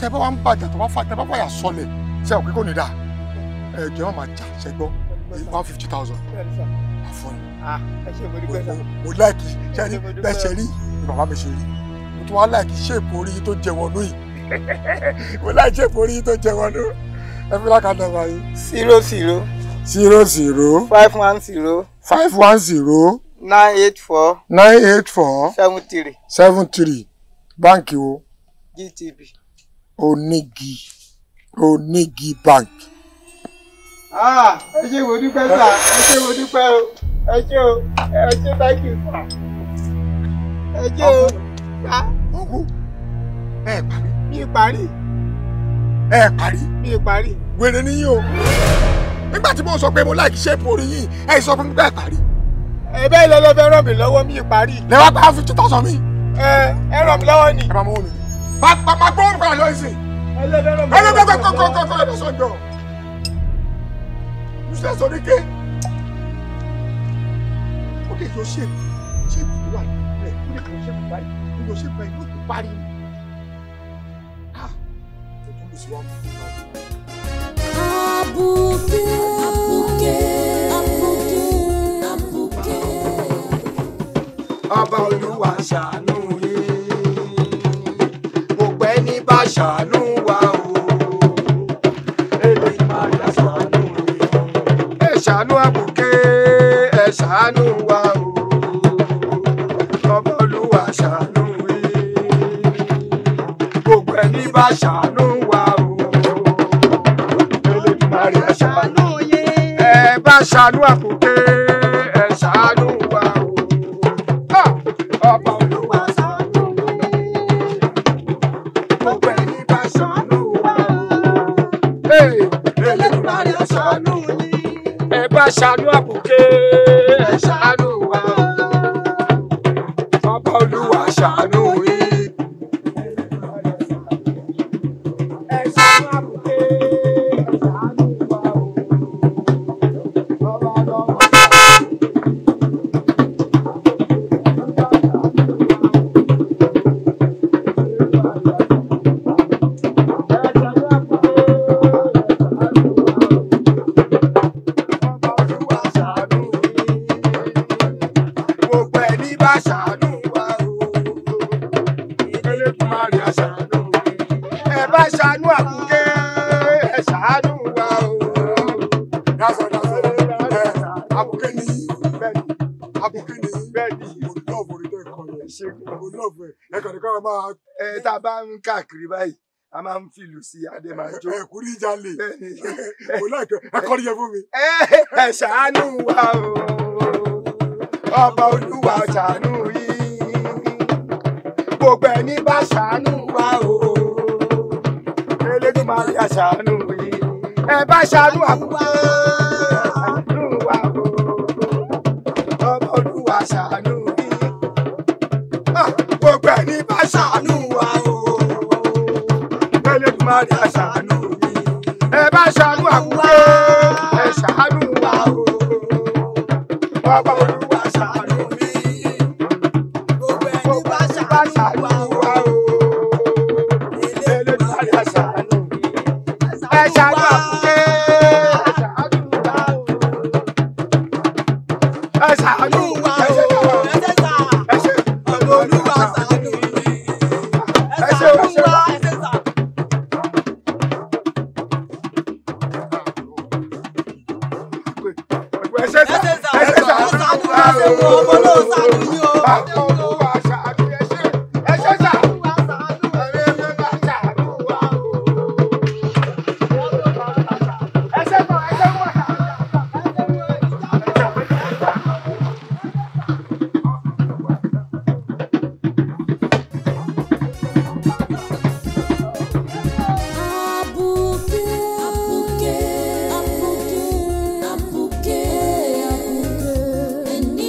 tẹ́ bá wà ń bàjẹ́ tó bá fà tẹ́ bá fàyà sọlẹ̀ ṣe òkè kò ní dà ẹ jẹ́ wọn máa jà ṣe one fifty thousand àfọ̀n ah, mo láìkì ṣẹ́rí bẹ́ẹ̀ ṣe rí ni bàbá mi ṣe rí mo tún wá láìkì ṣéèpù orí yìí tó jẹ wọnú yìí mo láìkì ṣéèpù orí yìí tó jẹ wọnú ẹ fi lákàtà báyìí. zero zero zero zero. five one zero. five one zero. nine eight four. nine eight four. seven three. seven three báǹkì o. GTB. onígi onígi bank. Ah, ẹ ṣé mo dúpẹ́ sà ẹ ṣé mo dúpẹ́ o ẹ ṣé o ẹ ṣé báńkì sà ẹ ṣé o sà. ọkú ẹ parí. mi parí. ẹ parí. mi parí. wèrè nìyí o nígbà tí mo sọ pé mo láì ṣépù orí yìí ẹ sọ fún mi pé ẹ parí. ẹ bẹ́ẹ̀ lọ lọ́ọ́ fẹ́ ràn mí lọ́wọ́ mi parí. lẹ wá gba fifty thousand mi. ẹ ẹ ràn mí lọ́wọ́ ni. ẹ máa mọ omi. máa gbọ́ òrùka lọ ìsìn. ẹ lọ fẹ́ ràn mí lọ́wọ́. ẹ lọ fẹ́ kọ́ kọ́ kọ́ ẹ lọ sọ̀dọ̀. musa sọ ní ké. ó lè yọ ṣépù ṣépù tó wà nílẹ̀ ó lè kàn ṣépù báyìí ó yọ ṣépù báyìí ó ti parí. ah ó tún lè ṣe wá fún mi. àbùkù ọba olúwa ṣàánú yìí mo pẹ́ ní bá wa o èmi máa yà ṣàánú yìí ẹ ṣàánú àbùké wa o ọba olúwa ṣàánú yìí mo pẹ́ ní bá wa o èmi máa yà bá ṣàánú àkókè ẹ ṣàánú wa o. ọba olúwa ṣàánú mi. gbogbo ẹni bá ṣàánú wa o. ẹlẹ́nu bá rí ṣàánú yín. ẹ bá ṣàánú àkókè. ń fìlù sí adémájó. ẹ kò ní jalè eh, eh, eh, kò láìpẹ́ akọrin yẹn fún mi. ẹ ṣàánú wa o ọba olúwa ṣàánú yìí gbogbo ẹni bá ṣàánú wa o elédùnmarè ṣàánú yìí ẹ bá ṣàánú àbúrò ṣàánú wa o ọba olúwa ṣàánú yìí ah, gbogbo ẹni bá ṣàánú wa. Olódùmarè aṣàánú mi ẹ bá ṣàánú àwùjọ ẹ ṣàánú wa o ọba Olúwa ṣàánú.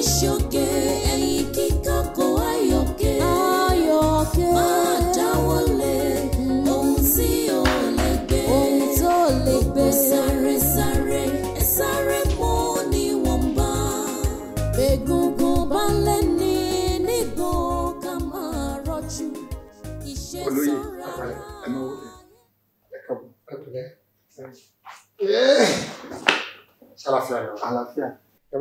wish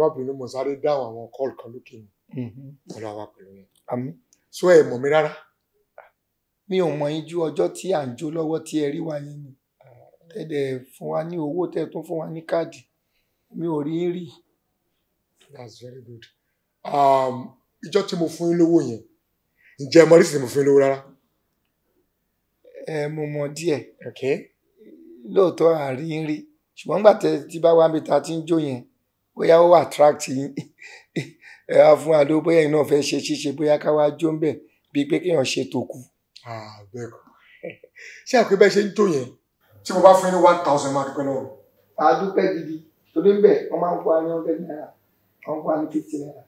má bínú mo sáré dáhùn àwọn kọ́ọ̀lù kan lókè mi pẹ̀lú mm-hmm. àwa pẹ̀lú yẹn. so ẹ mọ̀ mi rárá. mi ò mọ ijú ọjọ́ tí à ń jó lọ́wọ́ tí ẹ rí wa yẹn ni tẹ́lẹ̀ fún wa ní owó tẹ́ tún fún wa ní káàdì mi ò rí rí. that's very good. ìjọ um, tí mo fún yín lówó yẹn ǹjẹ́ ẹ mọ rí sí mo fún yín lówó rárá. ẹ mo mọ díẹ̀. lóòótọ́ àárín rí ṣùgbọ́n gbàtẹ́ tí bá wá mi ta ti ń jó yẹn bóyá ó wà attract yín ẹ wá fún wa ló bóyá iná fẹ́ ṣe ṣíṣe bóyá ká wá jó ń bẹ̀ bíi pé kéèyàn ṣe tòkù. ṣé àpé bẹ́ẹ̀ ṣe ń tó yẹn tí mo bá fún yín ní one thousand máa dúpẹ́ lọ́wọ́. a dúpẹ́ gidi torí bẹ́ẹ̀ wọ́n máa ń fún wa ní hundred naira wọ́n fún wa ní fifty naira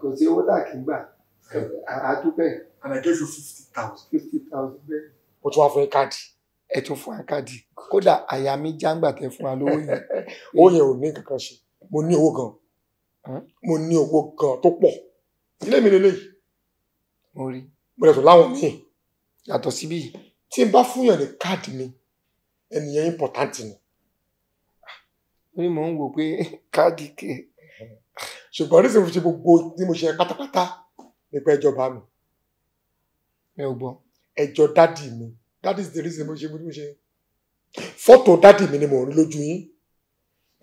kò sí owó tá a kì í gbà a and I gave you fifty thousand. fifty thousand bẹ́ẹ̀. mo tún wá fún yín káàdì ẹ tún fún wa káàdì kódà àyà mi jáǹgbà tẹ fún wa lówó yẹn. owó yẹn ò kankan ṣe mo ní owó gan mo ní owó gan tó pọ̀ ilé mi lélẹ́yìí mo rí mo lẹ̀sùn láwọn míì yàtọ̀ síbí tí n bá fúnyàn ní káàdì mi ẹnìyẹn important ni. orí mò ń wò pé káàdì kè. ṣùgbọ́n ní sèwọ́n ṣe gbogbo tí mo ṣe pátápátá nípa ẹjọba mi. mi ò gbọ́. ẹjọ dádì mi that is the reason mo ṣe mo ṣe fọ́tò dádì mi ni mò rí lójú yín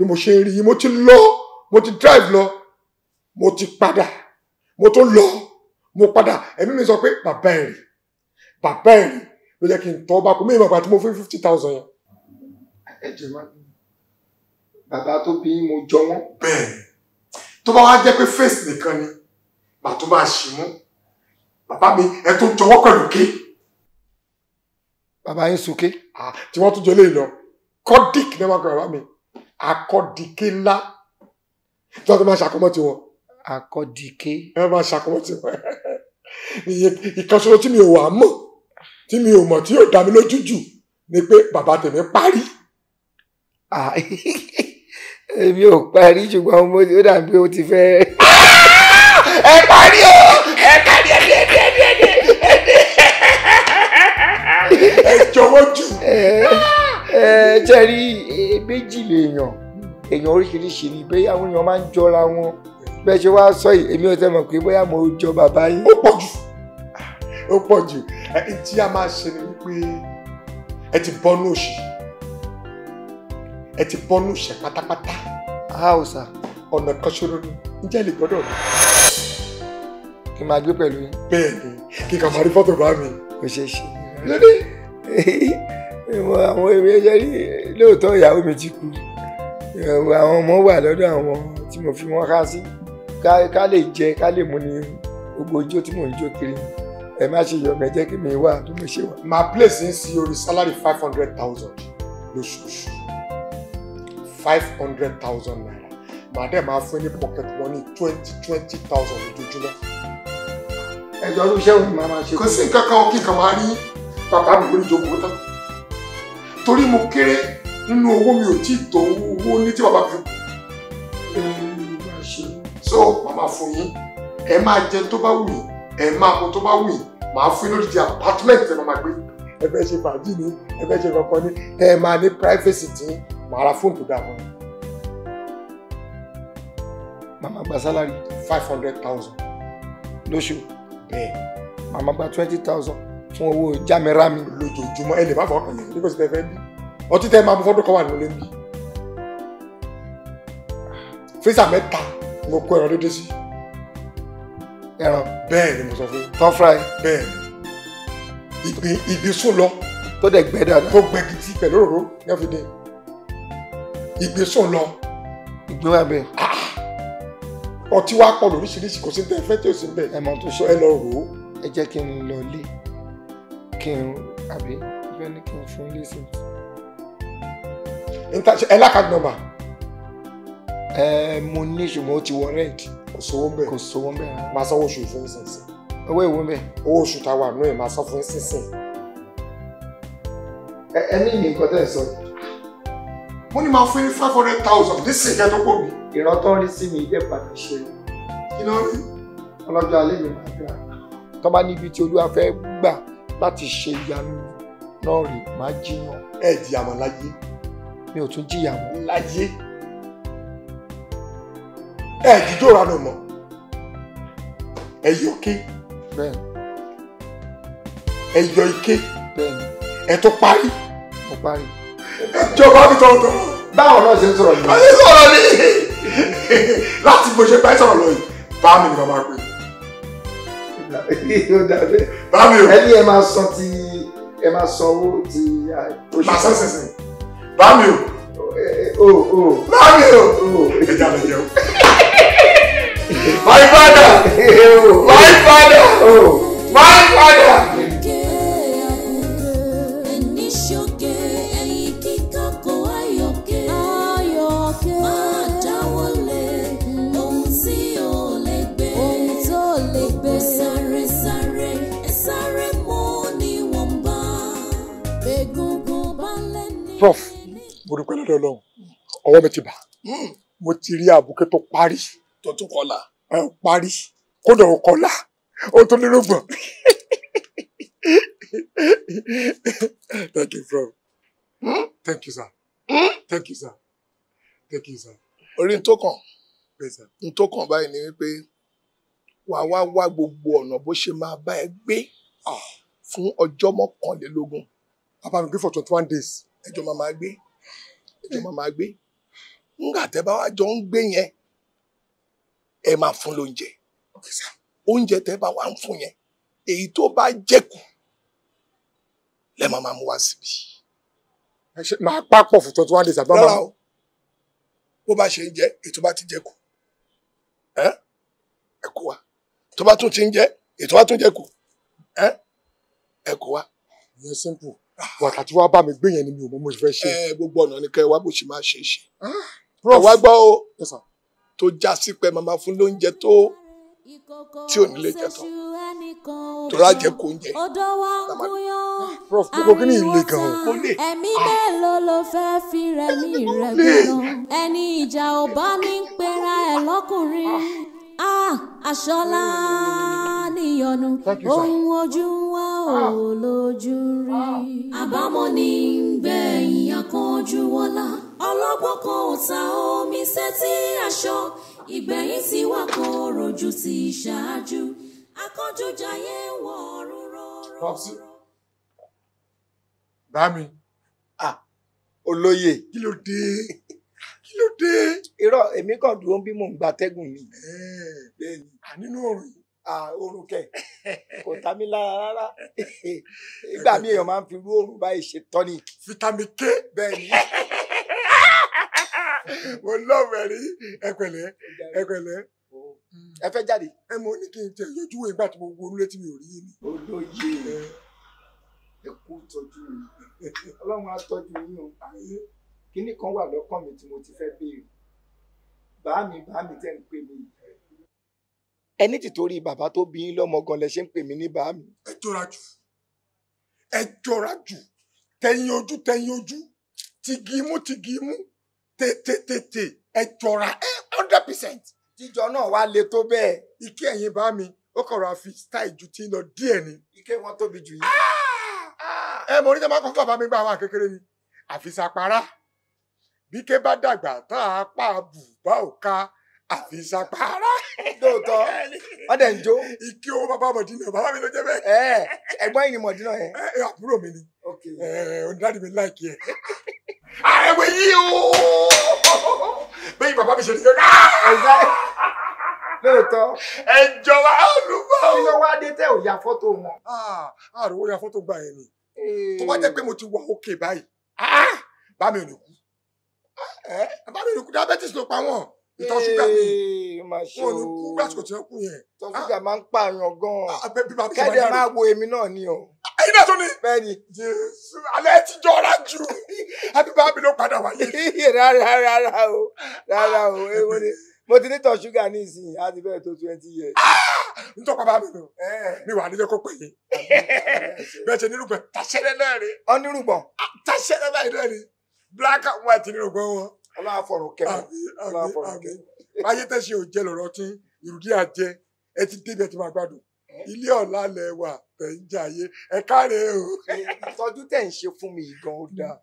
bí mo ṣe rí i mo ti lọ mo ti drive lọ mo ti padà mo tó lọ mo padà ẹ̀mí mi sọ pé bàbá ẹ̀ rí bàbá ẹ̀ rí ló jẹ́ kí n tọ́ bá kú mí ìmọ̀gbà tí mo fún fifty thousand yẹn. ẹ jẹ máa ń bàbá tó bí mo jọ wọn. bẹ́ẹ̀ tó bá wá jẹ́ pé face nìkan ni màá tó máa ṣì mú bàbá mi ẹ tó jọwọ́ pẹ̀lú ké. bàbá yín sunké. tí wọ́n tún jọ lè lọ kọ́dík ní wọ́n kọ́ bàbá mi akọ́dike ńlá tí wọ́n ti máa ṣàkómọ́ tiwọn. akọ́dike. ẹ máa ṣàkómọ́ tiwọn ìkànṣọ́rọ̀ tí mi ò wà mọ̀ tí mi ò mọ̀ tí yóò dá mi lójú jù ni pé bàbá tèmi parí. èmi ò parí ṣùgbọ́n ó dàbí ó ti fẹ́. ṣe rí méjì lèèyàn èèyàn oríṣiríṣi ni bẹ́ẹ̀ àwọn èèyàn máa ń jọra wọn bẹ́ẹ̀ ṣe wá sọ yìí èmi ò tẹ́ mọ̀ pé bóyá mo jọ bàbá yín. ó pọ̀ jù ó pọ̀ jù tí a máa ṣe ni wípé ẹ ti bọ́nú òṣì ẹ ti bọ́nú òṣì pátápátá. haúsá. ọ̀nà kan ṣòro ni ǹjẹ́ lè gbọ́dọ̀ rí. kí n máa gbé pẹ̀lú yín. bẹ́ẹ̀ ni kí n kà máa rí fọ́tò bá mi. kò ṣeé ṣe. lóde. àwọn èmi ṣe rí lóòótọ́ ìyàwó mi ti kú àwọn ọmọ wà lọ́dọ̀ àwọn tí mo fi wọ́n ká sí ká lè jẹ ká lè mú ní gbogbo ijó tí mò ń jó kiri ẹ má ṣe yọ̀ mẹ́jẹ́ kí mi wà tó mi ṣe wà. my place ń sí orí salary five hundred thousand lóṣooṣù five hundred thousand naira màá dẹ̀ máa fún ní pocket money twenty twenty thousand lójoojúmọ́. ẹ̀jọ̀ ọdún iṣẹ́ òun ni màá máa ṣe. kò sí nǹkan kan kí nǹkan máa rí bàbá mi lórí ìjókòó tán torí mo kéré nínú owó mi ò tí tó owó ní tí bàbá fi so màmá fún yín ẹ máa jẹ tó bá wù yín ẹ máa mu tó bá wù yín màá fún yín lódìdí apartment ẹ máa gbé ẹ fẹ́ ṣe fàájì ni ẹ fẹ́ ṣe kankan ni ẹ máa ní privacy tí màá ra fóònù tó dáa fún màmá gba salary five hundred thousand lóṣù bẹ́ẹ̀ màmá gba twenty thousand fún owó jámẹ́rámì lójoojúmọ́ ẹ lè má fọkàn yẹn nígbà tí tẹ fẹ́ bí ọtí tẹ máa mú fọ́dún kan wà nílé ń bí. físà mẹ́ta mo kó ẹran dédé sí ẹran bẹ́ẹ̀ ni mo sọ fún yín. tán fry bẹ́ẹ̀ ni ìgbín ìgbín sùn lọ. tó dẹ̀ gbẹ dáadáa. tó gbẹ gidi pẹ̀lú òróró ní ọ̀fìn dé ìgbín sùn lọ. ìgbín wà bẹ́ẹ̀. Ah! ọtí wa pọ̀ lóríṣiríṣi kò sí tẹ́ fẹ́ tí ò sí bẹ́ẹ̀. ẹ mọ̀ tó sọ ẹ lọ rò ó ẹ jẹ́ kí n lọ lé kí n àbí ìfẹ́ ní kí n fún lẹ́sì. ẹ lákàtí nọ́mbà. ẹ mo ní ṣùgbọ́n ó ti wọ rẹ́ǹtì. kò sówó ń bẹ̀. kò sówó ń bẹ̀ máa sanwó oṣù fún ìsinsìn. owó ìwé ń bẹ̀. owó oṣù tá wà nù ẹ̀ máa san fún ìsinsìn. ẹ ní ìyẹn nǹkan tẹ́ ẹ sọ. mo ní máa fún five hundred thousand nísìnyí kẹ́ tó pọ̀ mi. ìrántọ́ rí sí mi jẹ́ padà ṣe. kí ló rí. ọlọ́jọ́ alẹ́ mi máa gbà. tọ́ níbi tí olúwa fẹ́ gbà láti ṣe ìyanu náà rè má jiyàn. ẹ jìyà mọ́ láyé. mi ò tún jìyà mọ́. láyé ẹ jíjó ranù mọ́ ẹ yọ ké. bẹ́ẹ̀ ẹ yọ ike. bẹ́ẹ̀ni. ẹ tó parí. mo parí. jọba mi tọrọ tọrọ. báwo náà ṣe ń sọ̀rọ̀ yìí. ọyẹ sọ̀rọ̀ ni láti bó ṣe bá ẹ sọ̀rọ̀ lọ yìí bá mi ni bàbá pè báwo o ẹni ẹ máa san ti ẹ máa san owó ti oṣù. màá sọ sísìn báwo o. o o. báwo o. ẹja lè jẹun. my father e my father my father. mo dúpẹ́ lọ́dọ̀ Ọlọ́run ọwọ́ mi ti bà mo ti rí àbùké tó parí tó tún kọlà ẹ parí kódà ó kọlà ó tó lérògbọ̀n thank you bro thank you sir thank you sir thank you sir. orí n tó kàn n tó kàn báyìí ni wípé wàá wá wá gbogbo ọ̀nà bó ṣe máa bá ẹ gbé fún ọjọ́ mọ́kànlélógún. bàbá mi gbé for twenty one days. ẹjọ́ máa máa gbé jọ máa máa gbé ńgbà tẹ́ bá wá jọ ń gbé yẹn ẹ máa fún lóúnjẹ oúnjẹ tẹ́ bá wá ń fún yẹn èyí tó bá jẹ́kù lẹ máa máa mú wá síbi. máa pápọ̀ fún twenty one days àbá máa. bó bá ṣe ń jẹ èyí bá ti jẹ́kù ẹ kó wa tó bá tún ti ń jẹ èyí bá tún jẹ́kù ẹ kó wa. ìyẹn simple wàtà tí wàá bá mi gbé yẹn ni mi ò mọ mo ti fẹ́ ṣe. ẹ gbogbo ọ̀nà ni kẹ́ ẹ wá bó ṣe máa ṣe é ṣe. ọ̀wá ah, gbọ́ o tó já sí pé màmá fún lóúnjẹ tó tí ò ní lè jẹ tán tó rà jẹ kó ń jẹ. prof gbogbo kí ni ìle gan o. ẹ̀mí mélòó ah. ló fẹ́ fi rẹ̀ ní ìrẹ́gbẹ̀ẹ́ ẹni ìjà ò bá ní pera ẹ̀ lọ́kùnrin aṣọ́lá níyọnu ohun ojú wa kò lójú rí. àbámọ̀ ni ń gbẹ̀yìn akànjú wọlá ọlọ́gbọ́n kan ò ta omi sétí aṣọ ìgbẹ̀yìn tí wà kò rojú ti ṣáájú akànjú jayé wọ̀ rúrọ́rọ́. bámi olóyè kí ló dé kí ló dé. irọ́ èmi kàn dúró bí mò ń gbatẹ́gùn ni. bẹ́ẹ̀ ni ànínú ọ̀rùn oorun kẹ kò ta mí lára rárá ìgbà mi èèyàn máa ń fi irú oorun báyìí ṣe tonic. vitamin k bẹ́ẹ̀ ni mo lọ́ọ̀mù ẹ̀rí ẹ̀pẹ̀lẹ́ ẹ̀pẹ̀lẹ́. Mm. ẹ fẹ́ jáde. ẹ mọ ní kí n tẹ yọjú wo ìgbà tí mo wo olúlé tí mi ò rí yín olóye ẹ kú mi ọlọ́run á tọ́jú yín o kínní kan wà lọ́kàn mi tí mo ti fẹ́ béèrè bàá mi bàá mi tẹ́ ń pè mí yìí ẹni tìtorí bàbá tó bí yín lọ́mọ gan lẹ ṣe ń pè mí ní bàá mi. ẹ jọra jù ẹ jọra jù tẹyin ojú tẹyin ojú tìgìmú tìgìmú tètètètè ẹ jọra ẹ hundred percent. jíjọ náà wá le tó bẹ́ẹ̀. ike ẹ̀yin bá mi ó kọ̀rọ̀ àfi style ju ti lọ díẹ̀ ni. ike wọn tóbi jù yìí. ẹ mọ oníjàmbá kọ́kọ́ bá mi àwọn kékeré ni àfi bí ké bá dàgbà tá a pa àbùbá ò ká àfi ìsapara. lóòótọ́ ọ̀dẹ̀ ń jó. ìkí owó bàbá mọ̀dínà bàbá mi ló jẹ́ bẹ́ẹ̀. ẹ ẹ̀gbọ́n yìí ni mọ̀dínà yẹn. ẹ àbúrò mi ni ọ̀dàdì mi láìkí ẹ. àrẹwẹ̀ yìí o bẹ́ẹ̀ bàbá mi ṣe ní kẹ́kẹ́. ẹ̀dá ẹ jọba olùkọ́. kí ló wá dé tẹ́ ò ya fọ́tò wọn. àròwọ́ ya fọ́tò gbà yẹn ni eh. tó bá jẹ́ pé mo ti wà òkè báyìí ah, bá mi ò ní kú eh, bá mi ò ní kú diabetes ló pa wọ́n ìtọ̀ ṣúgà ni wọn ò ní kú lásìkò tí wọn kú yẹn. ìtọ̀ ah. ṣúgà máa ń pààyàn gan-an ah, kẹ́dẹ̀ máa wo èmi náà ni o. Ah, ẹyin náà tó ni bẹ́ẹ̀ni jésù alẹ́ ti jọra jù abíbá mi ló padà wáyé. rárá rárá o rárá o ewo ni mo ti ní ìtọ̀ ṣúgà ní ìsìn àti bẹ́ẹ̀ tó twenty years n tọ́ bàbá mi nù mi wà nílé kó pè é bẹ́ẹ̀ ṣe nírùgbọ̀n tàṣẹ́rẹ́ náà rí. ọ nírùgbọ̀n. tàṣẹ́rẹ́ báyìí náà rí black and white nírùgbọ̀n wọn ọlọ́àfọ̀rùnkẹ́ ọlọ́àfọ̀rùnkẹ́. ayé tẹ́sí ò jẹ́ lọ́rọ́ tí ìrùdí àjẹ ẹ ti débi ẹ ti máa gbádùn ilé ọ̀la lẹ wà tẹ̀ ń jàyé ẹ káre o. ìtọ́jú tẹ̀ ń ṣe fún mi gan ó dáa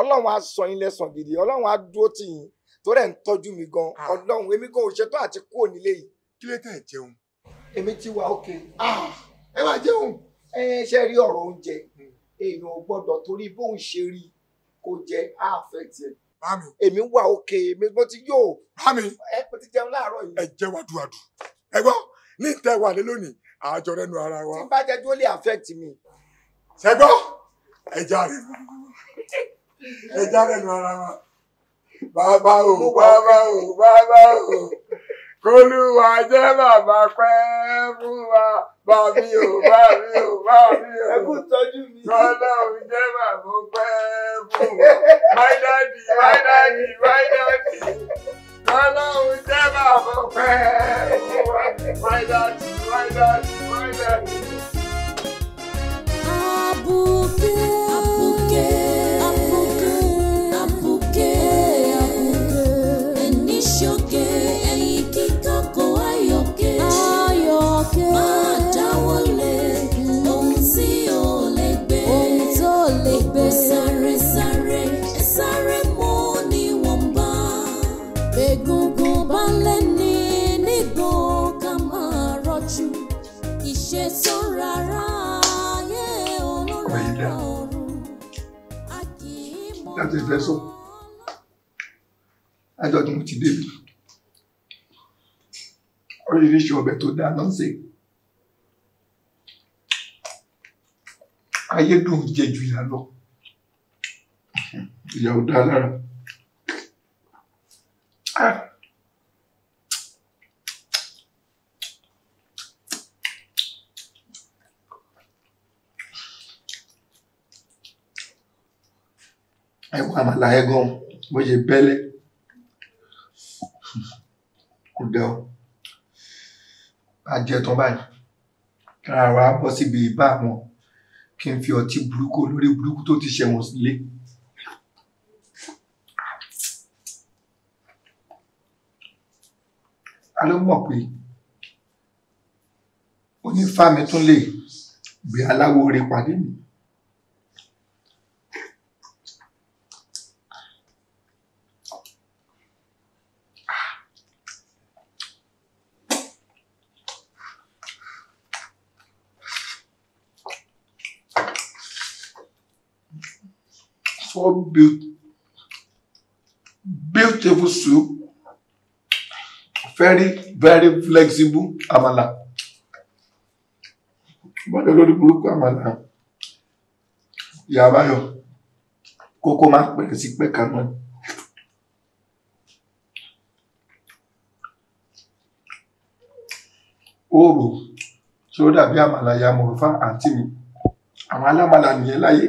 ọlọ́run á sọ yín lẹ́sàn gidi ọlọ́run á dúró tì yín tó rẹ̀ ń tọ́jú mi gan ah. ọlọ́run èmi gan ò ṣetán àti kúrò nílé yìí. kí ló tẹ̀ jẹun. èmi ti wà òkè ah, ẹ máa jẹun ẹ ṣe rí ọ̀rọ̀ oúnjẹ hmm. èèyàn ò gbọ́dọ̀ torí bóun ṣe rí kó jẹ àfẹ́ tiẹ̀ èmi wà òkè mi mo ti yó ẹ mo ti jẹun láàárọ̀ yìí. ẹ jẹ wàdùwàdù ẹ gbọ́ ní tẹ wà lé lónìí àjọ rẹ nu ara wa. tí bá jẹ tó lè affect mi. ṣẹgbọ́ ẹja rẹ nu ẹja rẹ nu ara wa bàbá o bàbá o bàbá o k'Olúwa jẹ́ bàbá pẹ́ fún wa bá mi ò bá mi ò bá mi jẹ́ bàbá pẹ́ fún wa my daddy my daddy my daddy k'Ọlọ́run jẹ́ bàbá pẹ́ fún wa my daddy my daddy my daddy. ti fẹ́ sọ lájọ́ tí mo ti débi oríṣiríṣi ọbẹ̀ tó dáa náà ṣe ayédùn jẹ ju ìyá lọ ìyàwó dáa lára. Ah! ẹwà àmàlà ẹ̀gàn bó ṣe bẹ́lẹ̀ kò dẹ ọ àjẹ tán báyìí kára wa bọ́ síbi ìbá àwọn kí n fi ọtí burúkú lórí burúkú tó ti ṣẹ̀wọ̀n sílé. a ló mọ̀ pé onífàmì tún lè gbé aláwo rẹ̀ pàdé mi. beautiful soup, very, very flexible amala. àmàlà. Bọ́dọ̀ lórí burúkú àmàlà. Ìyá Báyọ̀, kókó máa pẹ̀lẹ̀ sí pẹ́ka náà. Oòrò tí ó dàbí àmàlà ya mọ̀rọ̀fá àǹtí mi, àwọn alámàlà nìyẹn láyé.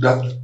that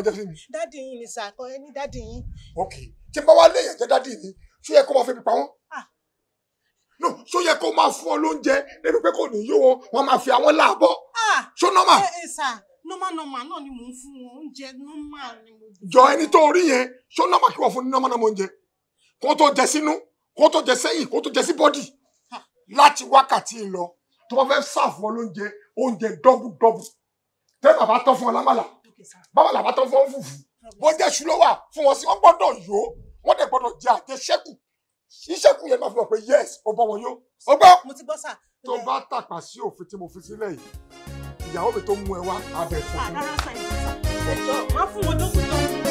máa jẹ́ sí mi. dádì yín ni sà kọ ẹ ní dádì yín. ok tí n bá wá lè yàn jẹ́ dádì mi ṣó yẹ kó máa fi pípa wọn. no ṣó yẹ kó máa fún ọ lóúnjẹ débi pé kò ní yó wọn wọn máa fi àwọn láàbọ̀. ṣó nọ́mà. ẹ ẹ sà nọ́mà nọ́mà náà ni mò ń fún wọn oúnjẹ nọ́mà ni mo. jọ ẹni tó rí yẹn ṣó nọ́mà kí wọ́n fún ní nọ́mà náà mọ oúnjẹ kó tó jẹ sínú kó tó jẹ sẹ́yìn kó tó jẹ sí bọ́dì láti wákàtí lọ tó bá fẹ́ sàfọ́ lóúnjẹ oúnjẹ dọ́bù tẹ́ bàbá tọ́ fún ọ lámàlà báwa làbá tán fún fùfú wọ́n jẹ́ ṣu lọ́wọ́ fún wọn sí wọ́n gbọ́dọ̀ yó wọ́n dẹ̀ gbọ́dọ̀ jẹ àjẹṣẹ́kù ṣíṣẹ́kù yẹn máa fi hàn pé yes o bọ́ wọn yó ó gbọ́. mo ti gbọ́ sà. tó bá tàpá sí òfin tí mo fi sílẹ̀ yìí ìyàwó mi tó mú ẹ wá abẹ fún mi. àrárá sàn ìgbésà. má fún wọn lókùn lókùn.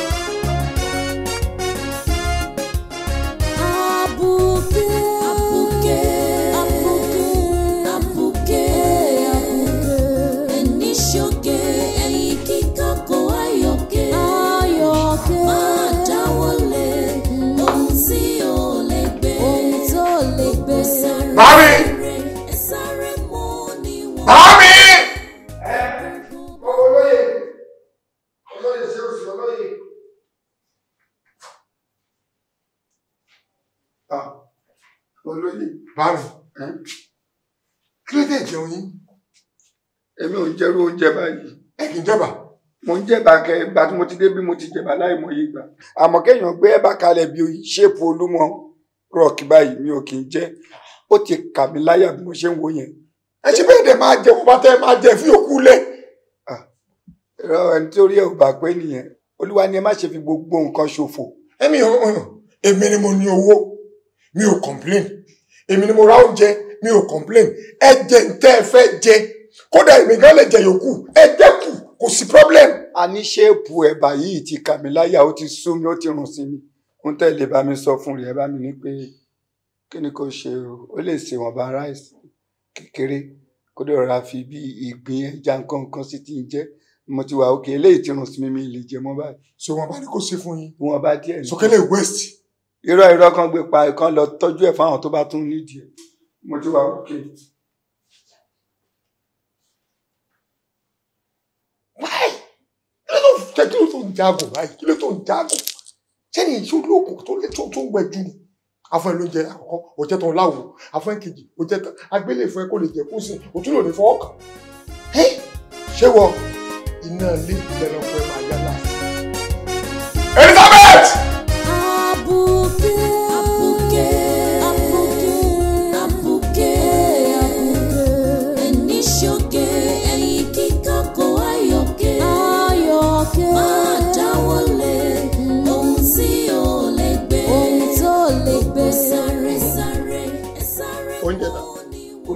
Mami! Mami! Ẹ olóyè olóyè ṣé o sì olóyè. Ah, olóyè Mami kí ló dé jẹun yín? Èmi ò jẹ́rú oúnjẹ báyìí. Ẹ kì í jẹba mo ń jẹba kẹ ìgbà tí mo ti dé bí mo ti jẹba láìmọye ìgbà àmọ́ kéèyàn gbé ẹbà kalẹ̀ bí ṣéèpù olúmọ rọọkì báyìí mi ò kì í jẹ ó ti kà mí láyà bí mo ṣe ń wo yẹn ẹ ṣe bẹ́ẹ̀ dẹ̀ máa jẹ mo bá tẹ́ máa jẹ fi òkú lẹ̀. ìrọ̀ ẹni tó rí ẹ̀ ò bá pé nìyẹn olúwa ni ẹ má ṣe fi gbogbo nǹkan ṣòfò. ẹ̀mí èmi ni mo ní owó mi ò complain èmi ni mo ra oúnjẹ mi ò complain ẹ jẹ ntẹ́ ẹ fẹ́ jẹ kódà èmi gan lè jẹ yòókù ẹ dẹ́kù kò sí problem. a ní ṣéèpù ẹ̀bà yìí ti kà mí láyà ó ti sú mi ó ti rùn sí mi ń tẹ̀lé bá mi sọ fún rẹ̀ ẹ bá mi ní pé kí ni kò ṣe o ó lè ṣe ìwọ̀nba rice kékeré kó dẹ̀ rọra fi bí ìgbín ẹja nǹkan nǹkan sí ti ń jẹ́ mo ti wà òkè eléyìí ti rùn sí mi mi lè jẹ mọ́ báyìí. so wọn bá ní kó ṣe fún yín. wọn bá díẹ̀ ní. sọkẹlẹ west. irọ́ irọ́ kan gbé pa kan lọ tọ́jú ẹ̀ fáwọn tó bá tún nídìí ẹ̀ mo ti wà òkè. báyìí kí ló tó ń jago báyìí kí ló tó ń jago sẹ́yìn ìṣòro òkùnkùn tó lè tó ń gbẹ jù ni afọ́n ló jẹ àkọ́kọ́ ó tán láwo afọ́n kejì ó tán agbélé fún ẹ kó lè jẹ kó sìn òtún ní fọwọ́ ṣé wọ iná ilé ìjẹun fún ẹ máa.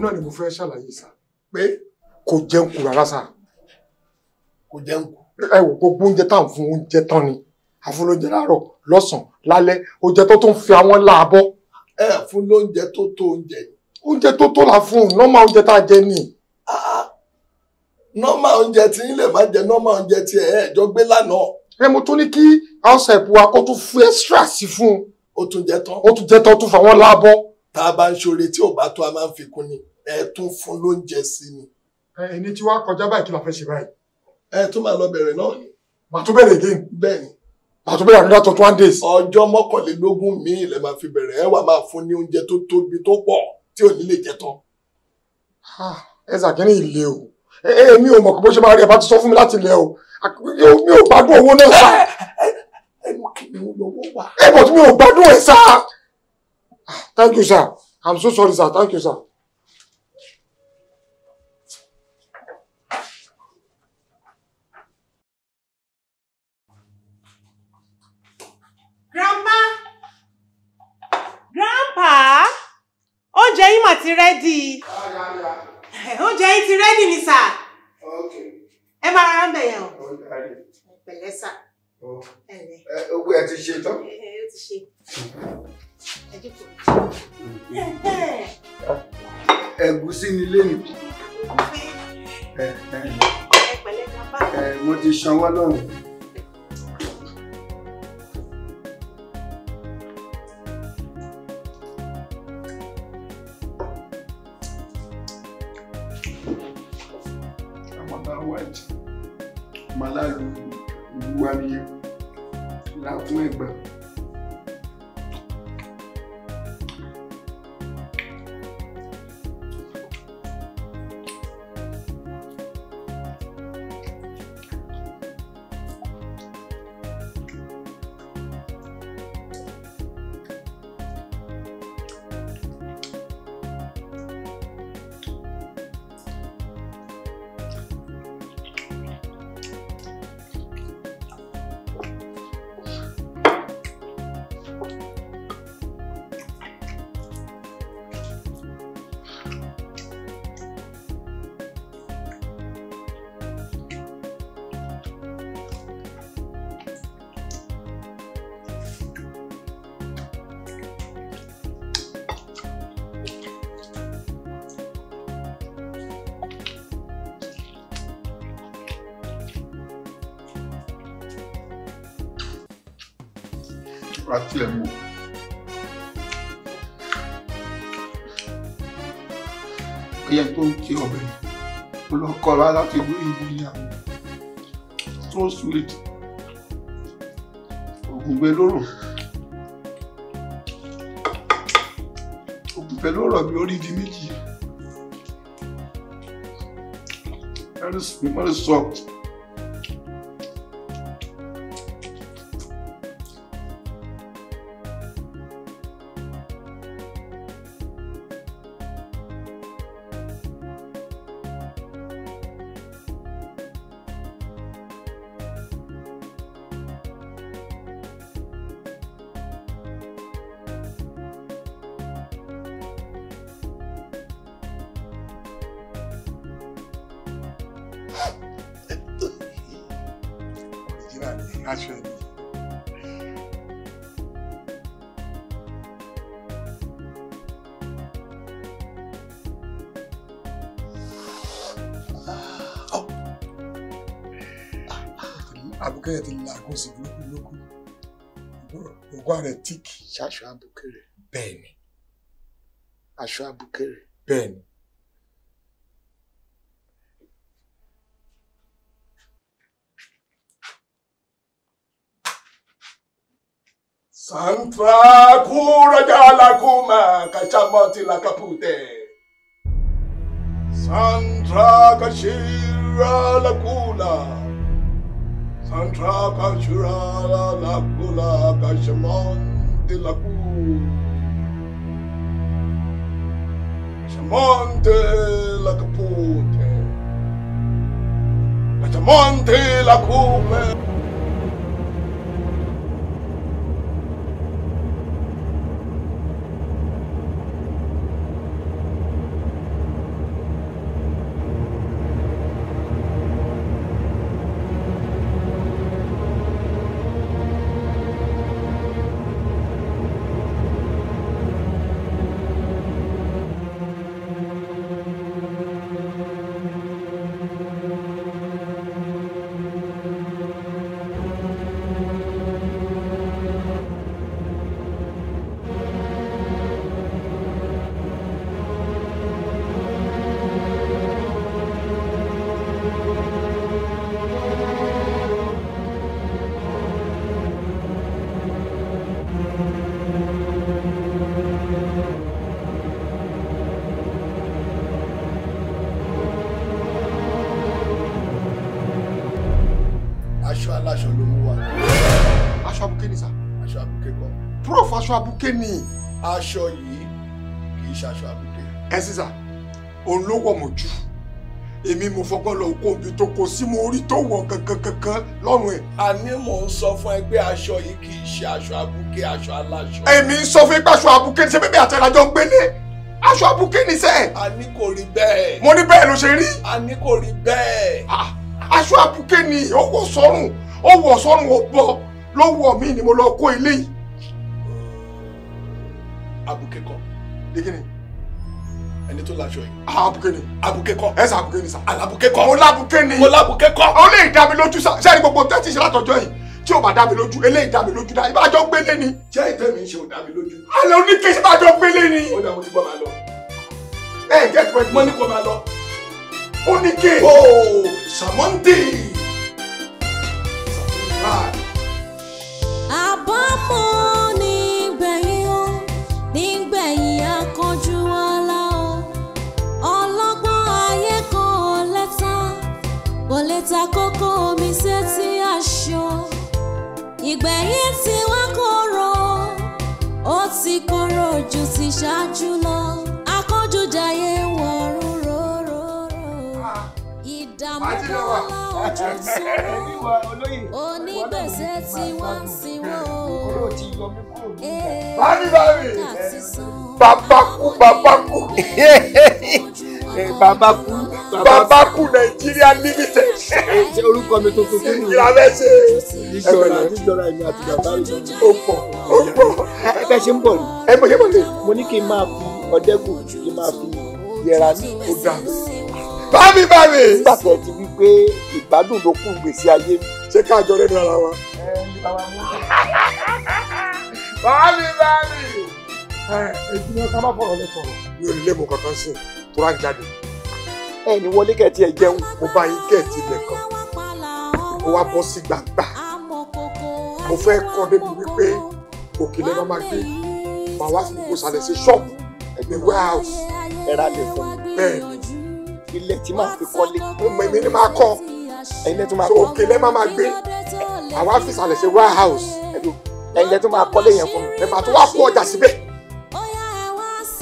náà ni mo fẹ́ ṣàlàyé sá pé kò jẹun kù rárá sá. kò jẹun kù. ẹ wò gbogbo oúnjẹ tá à ń fún oúnjẹ tán ni àfún lóúnjẹ láàárọ̀ lọ́sàn-án lálẹ́ oúnjẹ tó tó ń fi àwọn láàbọ̀. ẹ fún lóúnjẹ tó tó oúnjẹ ni. oúnjẹ tó tó la fún un nọ́mà oúnjẹ tá a jẹ ni. Ah, ah. nọ́mà oúnjẹ tí yín lè má jẹ nọ́mà oúnjẹ tí ẹ̀ ẹ̀ jọ gbé lánàá. ẹ mo tún ní kí ọ̀sẹ̀ ìpò wa kó tún fún extra sí fún un. ó tún jẹ tán. ó tún jẹ tán ó tún fà wọ́n láàbọ̀. tá a bá ń ṣoore tí ò bá tó a máa ń fi kún ni ẹ tún fún lóúnjẹ sí ni. ẹni tí wàá kọjá báyìí kí la fẹ́ ṣe báyìí. ẹ tún máa lọ bẹ̀rẹ̀ náà ni. màá tún bẹ̀rẹ̀ again. bẹ́ẹ̀ni. màá tún bẹ̀rẹ̀ another twenty one days. ọjọ́ mọ́kànlélógún míì lẹ máa fi bẹ̀rẹ̀ ẹ wà máa fún ní oúnjẹ tó tóbi tó pọ̀ tí ò ní lè jẹ tán. ẹ ṣàkíní ilé o èmi ò mọ̀ pé bó ṣe máa rí ẹ bá ti sọ fún mi láti ilẹ̀ o mi ò gbádùn owó náà sá. ẹnu kìíní olówó wà. ẹ bọ̀ tí mi ò gbádùn ẹ̀ sá. Ah, thank you sir i'm so sorry sir thank you sir. oúnjẹ yín mà ti rẹ́dì. oúnjẹ yín ti rẹ́dì ni sà. ẹ máa rárá ń bẹ̀ yẹn o. pẹ̀lẹ́ sà. ogun ẹ ti ṣe tán. ẹ ti ṣe. ẹ jókòó. ẹ̀gúsí ni lẹ́nu. ẹ pẹ̀lẹ́ ká bá. mo ti sanwó lọ́rùn. Malalu Oluwamiye Lágúnẹ̀gbà. ìṣúra tí ẹ mọ̀. ẹyẹ tó ń jẹ ọbẹ mo lọ kọ ọ láti ìlú ìlú ní àwọn tó sweet ògùngbẹ lóró ògùngbẹ lóró bí orí di méjì very soft. ṣaṣọ àbùkèrè. bẹ́ẹ̀ni. aṣọ àbùkèrè. bẹ́ẹ̀ni. sanfa kúrọjà làkúmà kàṣàmọtì làkàpùtẹ sanfa kàṣírà làkúlà. Santra Kashura Lakula Kashamon de la cour. Se monte la capote. Se monte la cour. aṣọ abuké ni. aṣọ yìí kì í ṣaṣọ abuké. ẹ sísà òun ló wọ̀ mọ́ jù èmi mo fọgbọ́n lọ kó omi tó kó sí mo rí tó wọ̀ kankan kankan lọ́rùn ẹ̀. àní mò ń sọ fún ẹ pé aṣọ yìí kì í ṣe aṣọ abuké aṣọ aláṣọ. èmi ń sọ fún ipa aṣọ abuké ṣe bébí àtẹ̀lájọ ń gbélé aṣọ abuké ni sẹ́ẹ̀. àní kò rí bẹ́ẹ̀. mo ní bẹ́ẹ̀ ló ṣe rí. àní kò rí bẹ́ẹ̀. aṣọ abuké ni ó wọ̀ sọ́rùn ó wọ̀ sọ́rùn ó bọ́ ló wọ̀ ni mo lọ kó ilé Abukeko, kọ́ dégínì ẹni tó laṣọ yìí. Ah, abùkẹ́ ni abùkẹ́ kọ́ ẹ̀sà abùkẹ́ ni sa. alabùkẹ́ kọ́ mo labùkẹ́ ni. mo labùkẹ́ kọ́. ó lè dá mi lójú sa sẹ́ni gbogbo tẹ́tí ṣe látọjọ́ yìí tí o bá dá mi lójú eléyìí dá mi lójú dá ìbájọ́ gbélé ni. jẹ́ ìtẹ́ mi ṣe ò dá mi lójú. alẹ́ oníke ṣe bájọ́ gbélé ni. ó dà mo ti gbọ́ máa lọ. ẹ ẹ jẹ́ ìpẹ́ẹ́dì. mo ní kó máa lọ. oníke. ooo sàmọ́ndì. sàmọ́ndì. àbámọ̀. ta kókó omi sétí aṣọ ìgbẹ̀yìn tiwa kóró ó ti kóró ju ti ṣáájú lọ. onídọ́là onígbèsè tí wọ́n ń sinwó èèyàn ti babaku babaku babaku babaku Nigeria limited. orúkọ mi tuntun tó nìyẹn. ìlànà ẹsẹ. ìjọra ìjọra ìmì àti bàbá rẹ. ó pọ̀ ó pọ̀. ẹ bẹ ṣe ń bọ̀ ni. ẹ bẹ ṣe bọ̀ ni. mo ní kí n máa fi ọ̀dẹ́kùn kí n máa fi yẹra ní. ó dà bámi bámi. nígbà tí ẹ ti wí pé ìgbádùn ló kún gbèsè ayé mi. ṣé káàjọ rẹ dára wa. bámi bámi. ẹ ẹ jùlọ ká má fọ̀rọ̀ lẹ sọ̀rọ̀. mi ò lè mọ kankan sí i tó rà jáde. ẹ ní wọlé kẹ ti ẹ jẹun. mo bá yín kẹ ti lẹ kàn kó wá bọ́ sí gbàgbà mo fẹ́ kọ́ débi wípé òkèlè máa ma gbé màá wá fún kó sàlẹ̀ sí ṣọ́ọ̀bù ẹgbẹ́ warehouse. ẹ ra lè fún mi. bẹ́ẹ̀ni ilẹ̀ tí màá fi kọ́lé. èmi ni màá kọ́ ẹ̀yin lẹ́tọ́ máa kọ́ òkè lẹ́ máa máa gbé àwa fi sàlẹ̀ ṣe wá house ẹ̀yin lẹ́tọ́ máa kọ́lé yẹn fún mi ẹ̀ máa tún wá kó ọjà síbẹ̀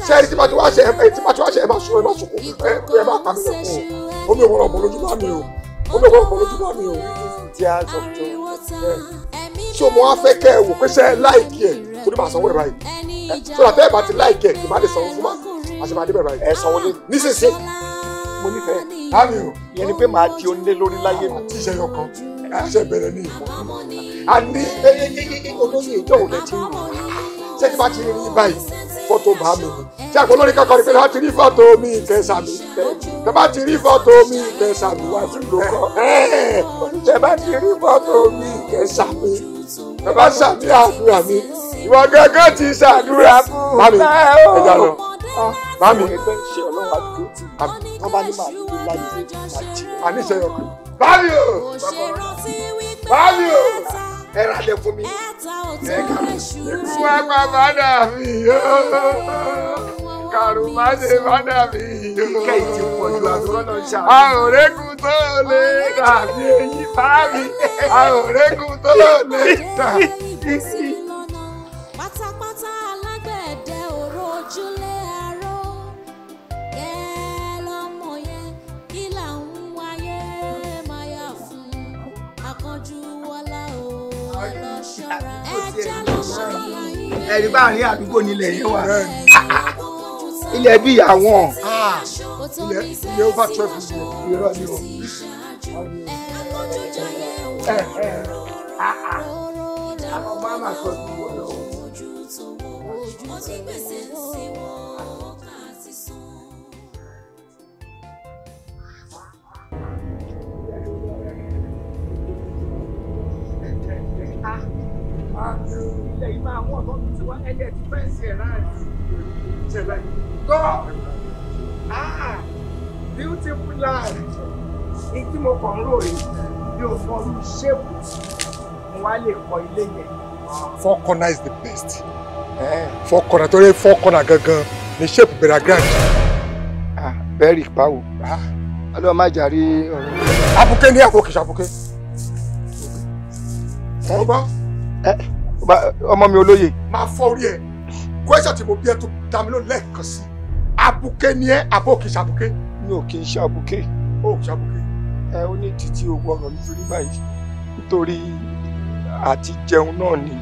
sẹ́ẹ̀rì tí màá tún wá ṣe ẹ̀ tí màá tún wá ṣe ẹ̀ máa sọ ẹ̀ máa sọkò ẹ̀ máa pa mí lẹ́kọ̀ọ́ omi òwúrọ̀ ọmọ lójú bá mi o omi òwúrọ̀ ọmọ lójú bá mi o ti a sọ tó so mo wá fẹ́ kẹ́ ẹ wò pé ṣe láìkì ẹ̀ tó ní màá sanwó ẹ̀ báyìí so that ẹ bá ti láìkì ẹ̀ kì má lè sanwó fún ma àṣẹ máa dé bẹ̀ báyìí ẹ̀ sanwó ní nísinsìnyí mo nífẹ̀ẹ́ àmì o ìyẹn ni pé màá di onílé lórí láyé mi. àti iṣẹ́ yọkan àṣẹ bẹ̀rẹ̀ ní ìfọ̀ àní olóyè ìjọ òun lẹ ti ń wò ṣé kí bá ti rí báyìí fọ́tò bá mi ni ṣé àpò olórin kankan rí pé bá ti rí fọ́tò mi ìkẹsà mi tẹ bá ti rí fọ́tò mi ìkẹsà mi wá sí ló kọ tẹ bá ti rí fọ́tò mi ìkẹsà mi tẹ bá ṣàmì àdúrà mi ìwọ gángan ti ṣàdúrà fún bá mi ẹja lọ bá mi wọ́n bá ní màá nílé láyé àníṣe ọkọ̀ báyìí o báyìí o ẹ ra fún mi ẹ kà ikú wa pa bàdà mi kàrò má ṣe bàdà mi. kẹ́hìn ti pọ̀ ju àtúrọ́nà ṣá. a ò rékun tó lè dàbí èyí bá mi a ò rékun tó lè dàbí ẹ̀rí ah, bá rí àdúgbò nílẹ̀ yẹn wà ilẹ̀ bí àwọn ah, ilẹ̀ ilẹ̀ over twelve million irọ́ ni o. àwọn máa ma sọ ìwọ lọ. àti ilẹ̀ four corner is the best four corner torí four corner gangan ni ṣépù bẹ̀rẹ̀ grand. ah very pawò Ah, má jàre ọ̀rọ̀. abuké ní ẹ̀kọ́ kìí ṣàbùké. ọgbọ́n. Eh, ọmọ mi olóye. máa fọ orí ẹ kwẹsà tí mo bí ẹ tó dá mi lónìí lẹ́ẹ̀kan sí abuké ni ẹ àbó kì í ṣàbùké. mi ò kì í ṣàbùké. ó kì í ṣàbùké. ẹ ó ní títí owó ọ̀rọ̀ nítorí báyìí nítorí àti jẹun náà ni.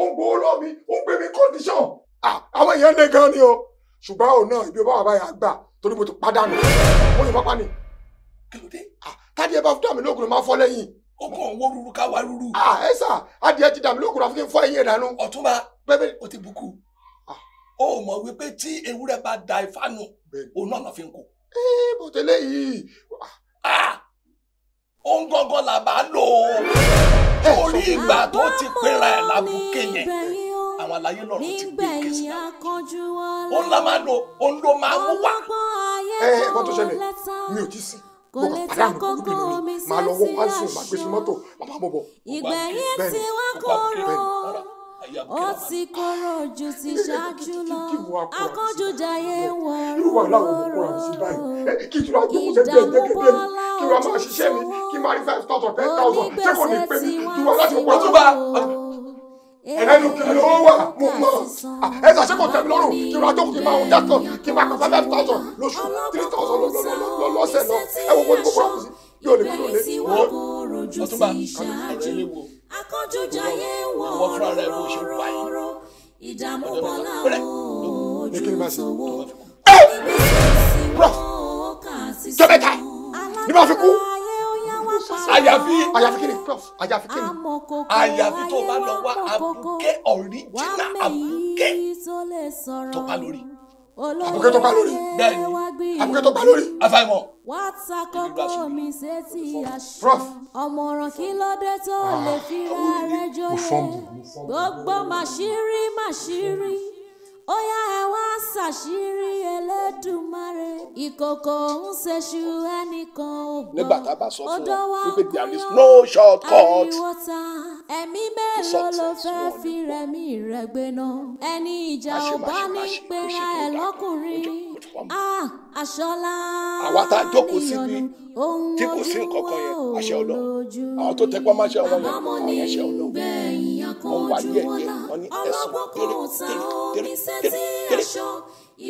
ó ń gbowó lọ́ mi ó ń pè mí condition àwọn èèyàn lè gan ni o ṣùgbọ́n òun náà ibi báwa báyà gbà torí mo ti pàdánù mo lè pápá ni kí ló dé tádì ẹ bá fún dàmí lóògùn ló máa fọ́ lẹ́yìn. ọkọ òwò ruru ká wá ruru. ẹ sà adìẹ ti dàmí lóògùn àfikún fọ́ ẹ̀yìn ìdánù. ọ̀túnba bẹ́ẹ̀ o ti bukú o mọ̀ wípé tí ewúrẹ́ bá da ifá nù òun náà fi ń kú. ee bòtẹ́lẹ̀ yìí òun gangan là bá lò ó orí ìgbà tó ti pera ẹ̀ lábùkẹ́ yẹn àwọn àlàyé lọ́rùn ti gbé kẹsì náà òun la máa lò òun ló máa mú wá. ẹ ẹ kó tó ṣẹlẹ̀ mi ò tí sìn mo kàn padà nù kúrú bìnú mi màá lọ wọ wá sùn màá gbé sí mọ́tò màá bọ̀ bọ̀. ìgbẹ̀yìn tí wọ́n kọ́ lọ ó ti kóró ju ti ṣáájú lọ akọ́jújayé wọ̀ọ́rọ̀ ìdààmú bọ́lá ojú ṣòwò onígbèsè tiwájú ẹnu kìlọ̀ ó wà mo mọ̀ ẹ ṣàṣẹ kò tẹ̀mí lọ́rùn kí wọ́n adókùn kí máa wọ́n dákọ̀ kí máa kàn five thousand lóṣù three thousand lọ́sẹ̀ lọ ẹ wo wo ni kókó ọ̀hún sí yóò lè kúrò lé wọ́n ọtún bá àti ẹ̀rẹ́ wo akọ́jú jayé rọ̀rọ̀ ìdààmú bọ́lá ojú sọ́wọ́ ibi sì kà sí sọ́wọ́ àyàfi àyàfi kí ni prof àyàfi kí ni àyàfi tó bá lọ wá àbùké tó bá lórí àkókè tó pa lórí bẹ́ẹ̀ ni àkókè tó pa lórí àfàìmọ̀. wá takọ́kọ́ mi sétí aṣọ ọ̀mọ̀ràn kí ló dé tó lè fi ra rẹ gbogbo màṣírí màṣírí ó yá ẹ wá ṣàṣírí Ẹlẹ́dùmarè ìkòkò ń ṣeṣu ẹnìkan ògbọ́n nígbà tá a bá sọ fún wọn wípé there is no short cut ẹ̀mí mélòó ló fẹ́ fi rẹ̀mí rẹ̀ gbéná ẹni ìjà ò bá ní pera ẹ̀ lọ́kùnrin àṣọlá ah, àwa tá a jókòó síbi tí kò sí nǹkan kan yẹn àwọn tó tẹpá máṣe yẹn wọ́n wà ní ẹ̀yẹ wọ́n ní ẹ̀sùn kéré kéré kéré ló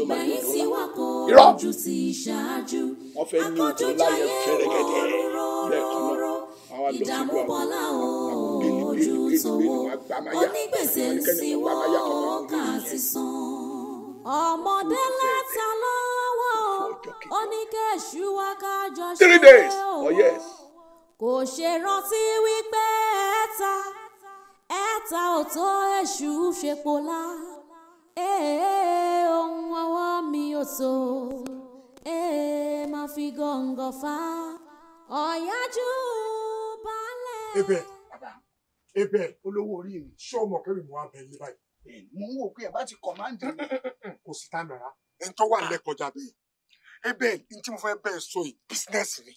máa yọ lọ́wọ́ irọ́ wọ́n fẹ́ ní ojú láyé fẹ́rẹ́gẹ́dẹ́ lẹ́ẹ̀kan náà àwọn àlọ́sílù àwọn bíi bíi bíi wọn gbàmáyà ọmọdé lẹ́tà lọ́wọ́ oníkẹ́sù wa kájọ ṣe é kò ṣe rántí wípé ẹ̀ta mẹ́ta ò tó èṣù ṣe ohun ọwọ́ mi ò tó máa fi gọ̀ǹgọ̀ fa ọ̀yájú balẹ̀. ebè ebè olówó orí mi ṣé o mọ̀ pé mo wá bẹ yín báyìí. mo ń wò pé ẹ bá ti kọ̀ máa ń dì mí. kò sí tá mẹ́ra. ẹni tó wà lẹ́kọjá bẹ́ẹ̀ ebè ní tí mo fẹ́ bẹ́ẹ̀ sọ yìí bísínẹ́sì ni.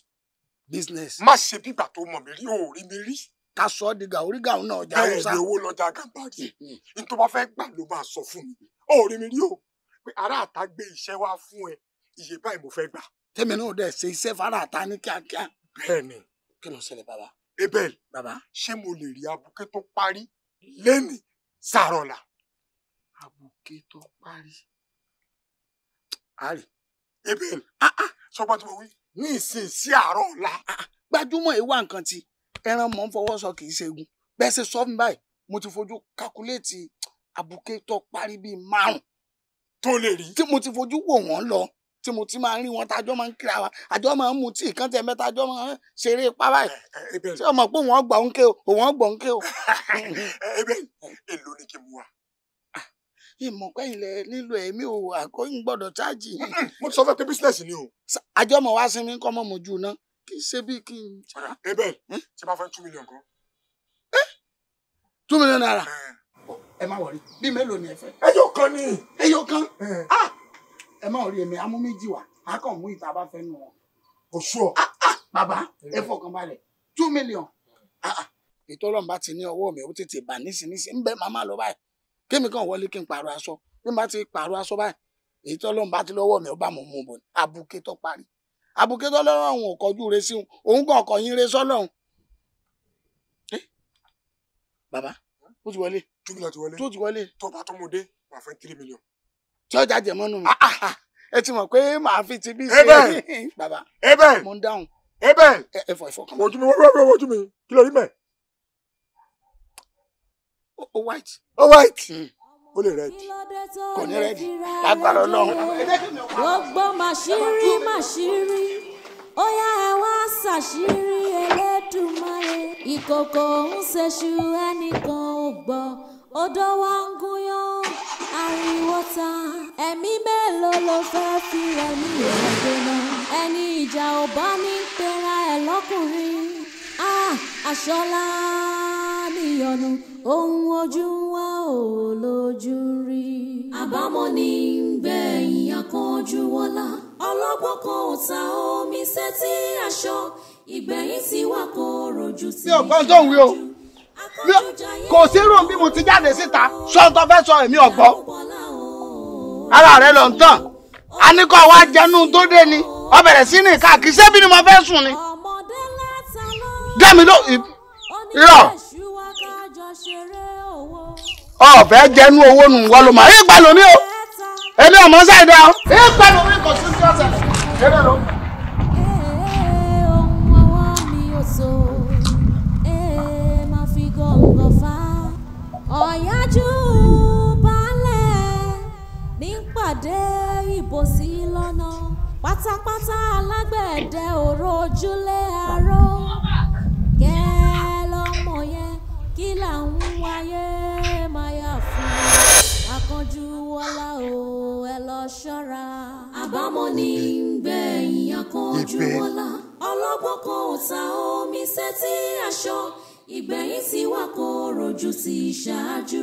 bísínẹ́sì. má ṣe bí ìgbà tó mọ̀ mí rí o ò mi rí ká sọ ọ́ di gàwórí gàwó náà ọjà haúsá. bẹ́ẹ̀ ni owó lọ́jà gàmbàrí n tó bá fẹ́ gbà ló máa sọ fún mi ó rí mi rí o pé ará àta gbé iṣẹ́ wá fún ẹ iye báyìí mo fẹ́ gbà. tẹ́mi náà dẹ̀ ṣe iṣẹ́ fara àta ní kíákíá. bẹ́ẹ̀ ni kí ló ṣẹlẹ̀ bàbá. Abel bàbá ṣé mo lè rí abuké tó parí lẹ́nì sàrọ̀là. abuké tó parí. ari. Abel ah, ah. sọ pé tí mo wí ní ìsìn àárọ̀ ọ̀la. Ah, gbajúmọ̀ ìwà nǹkan ti ẹran mọ̀ ń fọwọ́ sọ kì í ṣe egun bẹ́ẹ̀ ṣe sọ fún mi báyìí mo ti fojú kákúléètì àbùké tó parí bíi márùn. tó lè rí. tí mo ti fojú wò wọ́n lọ tí mo ti máa ń rí wọn tájọ́ máa ń kíra wa àjọ máa ń mu tí ìkan tẹ̀ mẹ́ta àjọ máa ń ṣeré ipá báyìí eh, eh, ṣé ọmọ pé wọ́n gbọ̀ ń ké o wọ́n gbọ̀ ń ké o. ẹbẹ eh, èlò ni kí n mú wa. Ah, ìmọ̀ lẹ nílò ẹ̀mí o àkóyìn gbọ́dọ̀ ṣáàjì. mo sọ fẹ́ pé bísíǹnẹ̀sì ni o. àjọ mọ̀ wá sinmi kọ́ mọ́ mojú náà kí n ṣe bíi kí n jara. abel ṣe bá fẹ́ two million kan. ẹ eh? two million naira eh. ẹ má wọrí bíi mélòó ni ẹ fẹ́. ẹyọ kan ni. ẹyọ kan eh. ah! ẹ má wọrí èmi amú méjì wá a kàn mú ìta bá fẹ́ nu wọn. kò sùọ. Ah, ah! bàbá ẹ fọkàn balẹ̀ two million ètò ọlọ́run bá ti ní ọwọ́ mi ó tètè bà nísinsìnyí ń bẹ́ màmá lọ báyìí kémi kan wọlé kí n pààrọ̀ aṣọ bí n bá ti pààrọ̀ aṣọ báyìí ètò ọlọ́run bá ti lọ́wọ́ mi ó bá mọ̀ mú bọ̀ abúké tó parí abuké tọ́lọ́run òun ò kọjú re sí òun kàn ọkọ̀ yín re sọ́lọ́run. bàbá ó ti wọlé. túkìlá ti wọlé. tó ti wọlé. tọ́ba tó mú dé wàá fẹ́ three million. tí ọjà jẹmọ́ nù. Ah, ah, ah. ẹ ti mọ̀ pé màá fi ti bí ṣe. bàbá mo ń dáhùn. ẹ bẹ́ẹ̀ ẹ̀fọ̀ ẹ̀fọ̀ kan. wojú mi wọ́n wojú mi kí ló rí mẹ́. o white. o white. Mm ó lè rẹ́ẹ̀dì kò ní rẹ́ẹ̀dì lágbára ọlọ́run. gbogbo màṣírí màṣírí ó yá ẹ wá ṣàṣírí Elédùmarè ìkòkò ń ṣeṣu ẹnìkan ò gbọ́ odò wa ń gúnyán ariwo ta ẹ̀mí mélòó ló fẹ́ fi ẹ̀mí rẹ̀ gbóná ẹni ìjà ò bá ní pera ẹ̀ lọ́kùnrin ah, aṣọ́lá níyọnu ohun ojú wa ò fojú rí. àbámọ̀ ni ń gbẹ̀yìn akọ́jú wọlá ọlọ́gbọ́n kan ò ta omi sétí aṣọ ìgbẹ̀yìn tí wà kó rojú sí. mi ò gbọ́n tó ń wí o kò sí irú bí mo ti jáde síta sọ́ńtọ́ fẹ́ sọ èmi ọ̀gbọ́ ara rẹ lọ ń tàn a ní kó wá jẹnu tó dé ni ó bẹ̀rẹ̀ sí ní káàkiri ṣebí ni mo fẹ́ sùn ni dẹ́mi ló irọ́ ọ̀fẹ́ jẹnu owó nù wọ́n ló mọ̀ ẹ́ pa lómi o èmi ọmọ sáìdá o ẹ́ pa lómi kò sí ní ọ̀sẹ̀ lẹ́nu ló. ọ̀yájú balẹ̀ ní pàdé ìbòsí lọ́nà pátápátá alágbẹ̀dẹ òrò ojúlé aró kẹ́ lọ́mọ yẹn kí là ń wáyé kánjú ọlá o ẹ lọ ṣọ́ra. àbámọ̀ ni gbẹ̀yìn akánjú ọlá ọlọ́gbọ́n kan ò ta omi sétí aṣọ ìgbẹ̀yìn sì wà kó rojú sí ṣáájú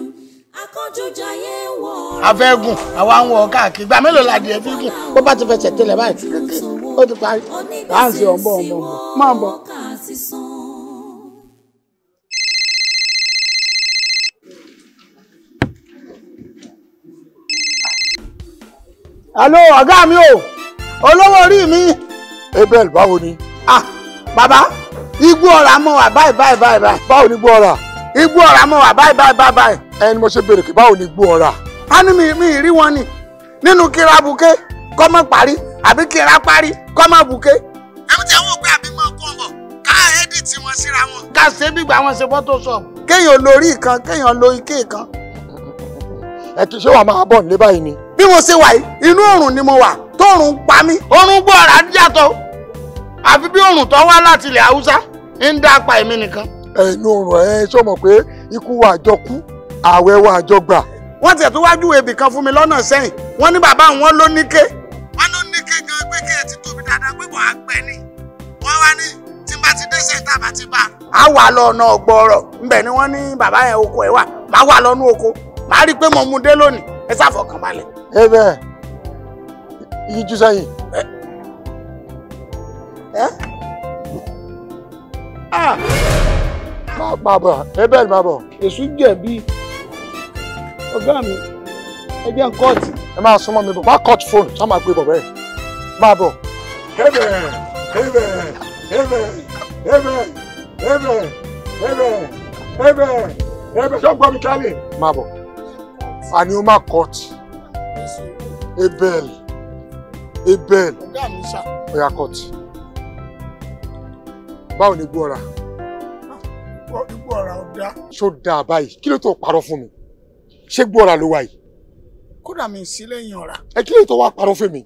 akọ́jọ́jayé wọ. afẹ́gùn àwa ń wọ káàkiri gba mélòó la ẹbí gùn bó bá ti fẹsẹ̀ tẹlẹ̀ báyìí ó ti parí láǹsì ọ̀bọ̀ ọ̀bọ̀ máa bọ̀. alo ọ̀gá mi o olówó orí mi. abel báwo ni. ah Baba. igbó ọ̀rá mọ wà báyìí báyìí báyìí báyìí. báwo ni igbó ọ̀rá. igbó ọ̀rá mọ wà báyìí báyìí báyìí. ẹni mo ṣe béèrè pé báwo ni igbó ọ̀rá. a ní mi mi rí wọn ni nínú kí ra buké kọ́ mọ́ parí àbí kí ra parí kọ́ mọ́ buké. ẹ̀mí tí àwọn òpin àbí máa kún bọ̀ ká ẹ́díìtì wọn síra wọn. ká ṣe bí gbà wọn ṣe fọ́tò sọ. kéèyàn lórí kan kéèyàn lo ike kan. ẹ ti ṣé wàá máa bọ̀ nílé báyìí ni bí mo ṣe wà yìí inú òrùn ni mo wà tóòrùn pa mí. òrùn gbọ́ ọ̀rá yàtọ̀ àfi bí òrùn tó wá láti ilẹ̀ haúsá ń dá apá èmi nìkan. ẹnu òrùn ẹ ṣó mọ̀ pé ikú wa àjọ kú ààwẹ̀ wa àjọ gbà. wọ́n tiẹ̀ tó wájú ebì kan fún mi lọ́nà sẹ́yìn wọ́n ní bàbá wọn ló níké. wọ́n ló níké gan pé kí ẹ ti tóbi dáadáa pé kò á gbẹ ni wọ́n wá ní tí n bá ti dé sẹ́ńtà bá ti bá. a wà lọ ọ̀nà ọ̀gbọ̀ọ̀rọ̀ ńbẹ̀ ni wọ́n ní bàbá yẹn oko ẹ̀ wà má wà lọ́nú oko má rí i pé mo mú dé lónìí ẹ sáfọ̀kànbalẹ̀. Ebe, aí. yíjú sẹ́yìn. Máa bọ̀, ebe máa bọ̀. Èṣù jẹ̀bi ọ̀gá mi, ẹ jẹ́ kọ́ọ̀tì. Ẹ máa súnmọ́ mi bọ̀, máa kọ́ọ̀tì fóònù, sọ máa gbé bọ̀ bẹ́ẹ̀. Máa bọ̀. Ebe, ebe, ebe, ebe, ebe, ebe, ebe, ebe, ṣọ́gbọ́n mi kálí. Máa bọ̀, àní o máa kọ́ọ̀tì abel abel ọ̀yà court báwo ni igbó ọ̀rà. Ah, igbó ọ̀rà ò dáa. ṣó dáa báyìí kí ló tó parọ́ fún mi ṣé igbó ọ̀rà ló wà yìí. kódà mi sí lẹ́yìn ọ̀rà. ẹ kí ló tó wá parọ́ fún mi.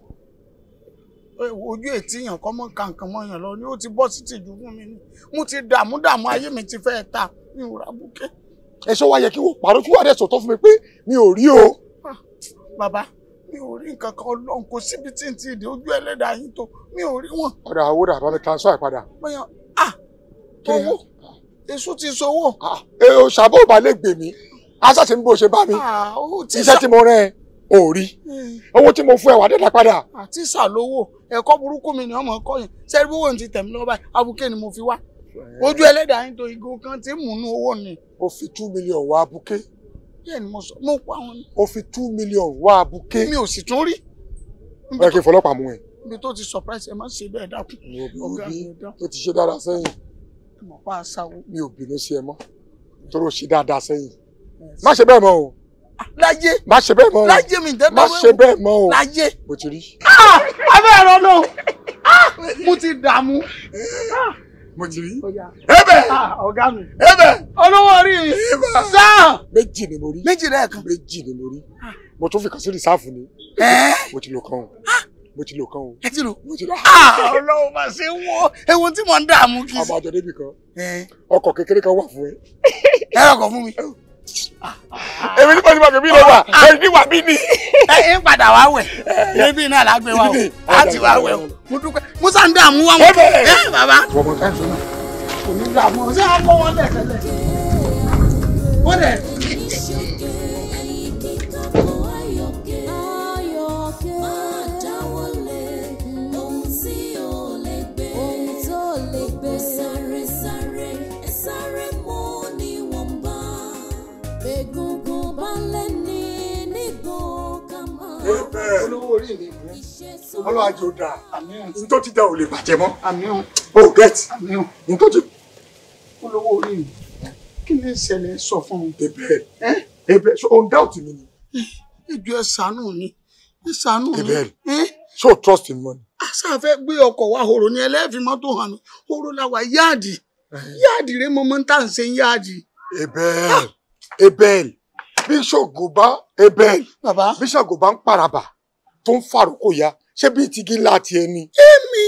ojú ètí yàn kọ́ mọ́ ka nǹkan mọ́ yàn lọ ni ó ti bọ́ sí tìjú fún mi ni mo ti dààmú dààmú ayé mi ti fẹ́ ta mi ò ra búkẹ́. ẹ ṣọ́ wá yẹ kí mi pé mi mi ò rí nǹkan kan ọlọ́run kò síbi tí n ti dé ojú ẹlẹ́dàá yín tó mi ò rí wọn. ọ̀dà owó dà bá mi transfer padà. bóyá à owó èso ti sowó. èèyàn ṣàbò bá lè gbè mí aṣáṣe mi bó ṣe bá mi iṣẹ́ tí mo rẹ́ ò rí hmm. owó tí mo fún ẹ wà dẹ́ta padà. àti ìsàlówó ẹ̀kọ́ burúkú mi ni ọmọ ọkọ yẹn sẹ́rí bówó ti tẹ̀mí lọ́wọ́ báyìí abuké ni mo fi wá ojú ẹlẹ́dàá yín tó igun kan ti mú nú owó ni. o fi two million wá abuké bẹ́ẹ̀ ni mo sọ mo pa wọn. o fi two million wá abuké. mi ò sì tún rí. ó yẹ kí n fọlọ́pàá mú ẹ. ibi tó ti surprise ẹ má ṣe bẹ́ẹ̀ dákun. mi ò bínú bí o ti ṣe dáadáa sẹ́yìn. mo pa aṣáwo. mi ò bínú sí ẹ mọ́ torí o ṣe dáadáa sẹ́yìn. má ṣe bẹ́ẹ̀ mọ́ o. Ah, láyé má ṣe bẹ́ẹ̀ mọ́ o. láyé mi dẹ́gbẹ́ má ṣe bẹ́ẹ̀ mọ́ o. láyé mo ti rí. Ah, abẹ́ ẹ̀rọ náà ah, mo ti dààmú. Eh mo ti rí. ebe ah, ọ̀gá mi. ebe olówó orí mi. sáà. méjì ni mo rí. méjì lẹ́ẹ̀kan. méjì ni mo rí. Ah. mo tún fi kàn sí rìsáàfù ni. mo ti lò kàn o. Ah. mo ti lò kàn o. ẹ ti lò. mo ti lò. olówó máa ṣe wo ewu tí mo ń dààmú kì í. àbájọ débi kan ọkọ̀ kékeré kan wà fún ẹ. ẹ ọkọ̀ fún mi. Ah. èmi ní pàṣípà kò bí lọ wà ah. ẹni wà bí ni. ẹ ń padà wá wẹ̀ níbí náà lágbè wa o láti wá wẹ̀ o mo dúpẹ́ musa ń dààmú wa mọ́ ẹ bàbá. wọ́pọ̀ ká ìṣúná kò ní dààmú ọ̀sẹ̀ àkọ́wọ́ lẹ̀ tẹ́lẹ̀ ó lẹ̀. olówó orí mi ọlọ́wà jò dáa ní tó ti dá ò lè bàjẹ́ mọ́ o get ní tó ti. olówó orí mi kí ni ìṣẹ̀lẹ̀ sọ fún mi. ebe ebe so òun dáùtì mi ni. ìjọ ẹ ṣàánú mi ẹ ṣàánú so trust in money. àṣà fẹ́ gbé ọkọ̀ wa horo ni ẹlẹ́fin mọ́tò hàn mí horo la wa yáàdì eh. yáàdì rẹ mọ́mọ́ ń tà ń ṣe yáàdì. ebe ah! ebe bíṣọ̀gùn bá ebe bíṣọ̀gùn bá ń paraba tó ń fàrókò ya ṣé bí ti gíla ti ẹ ni. èmi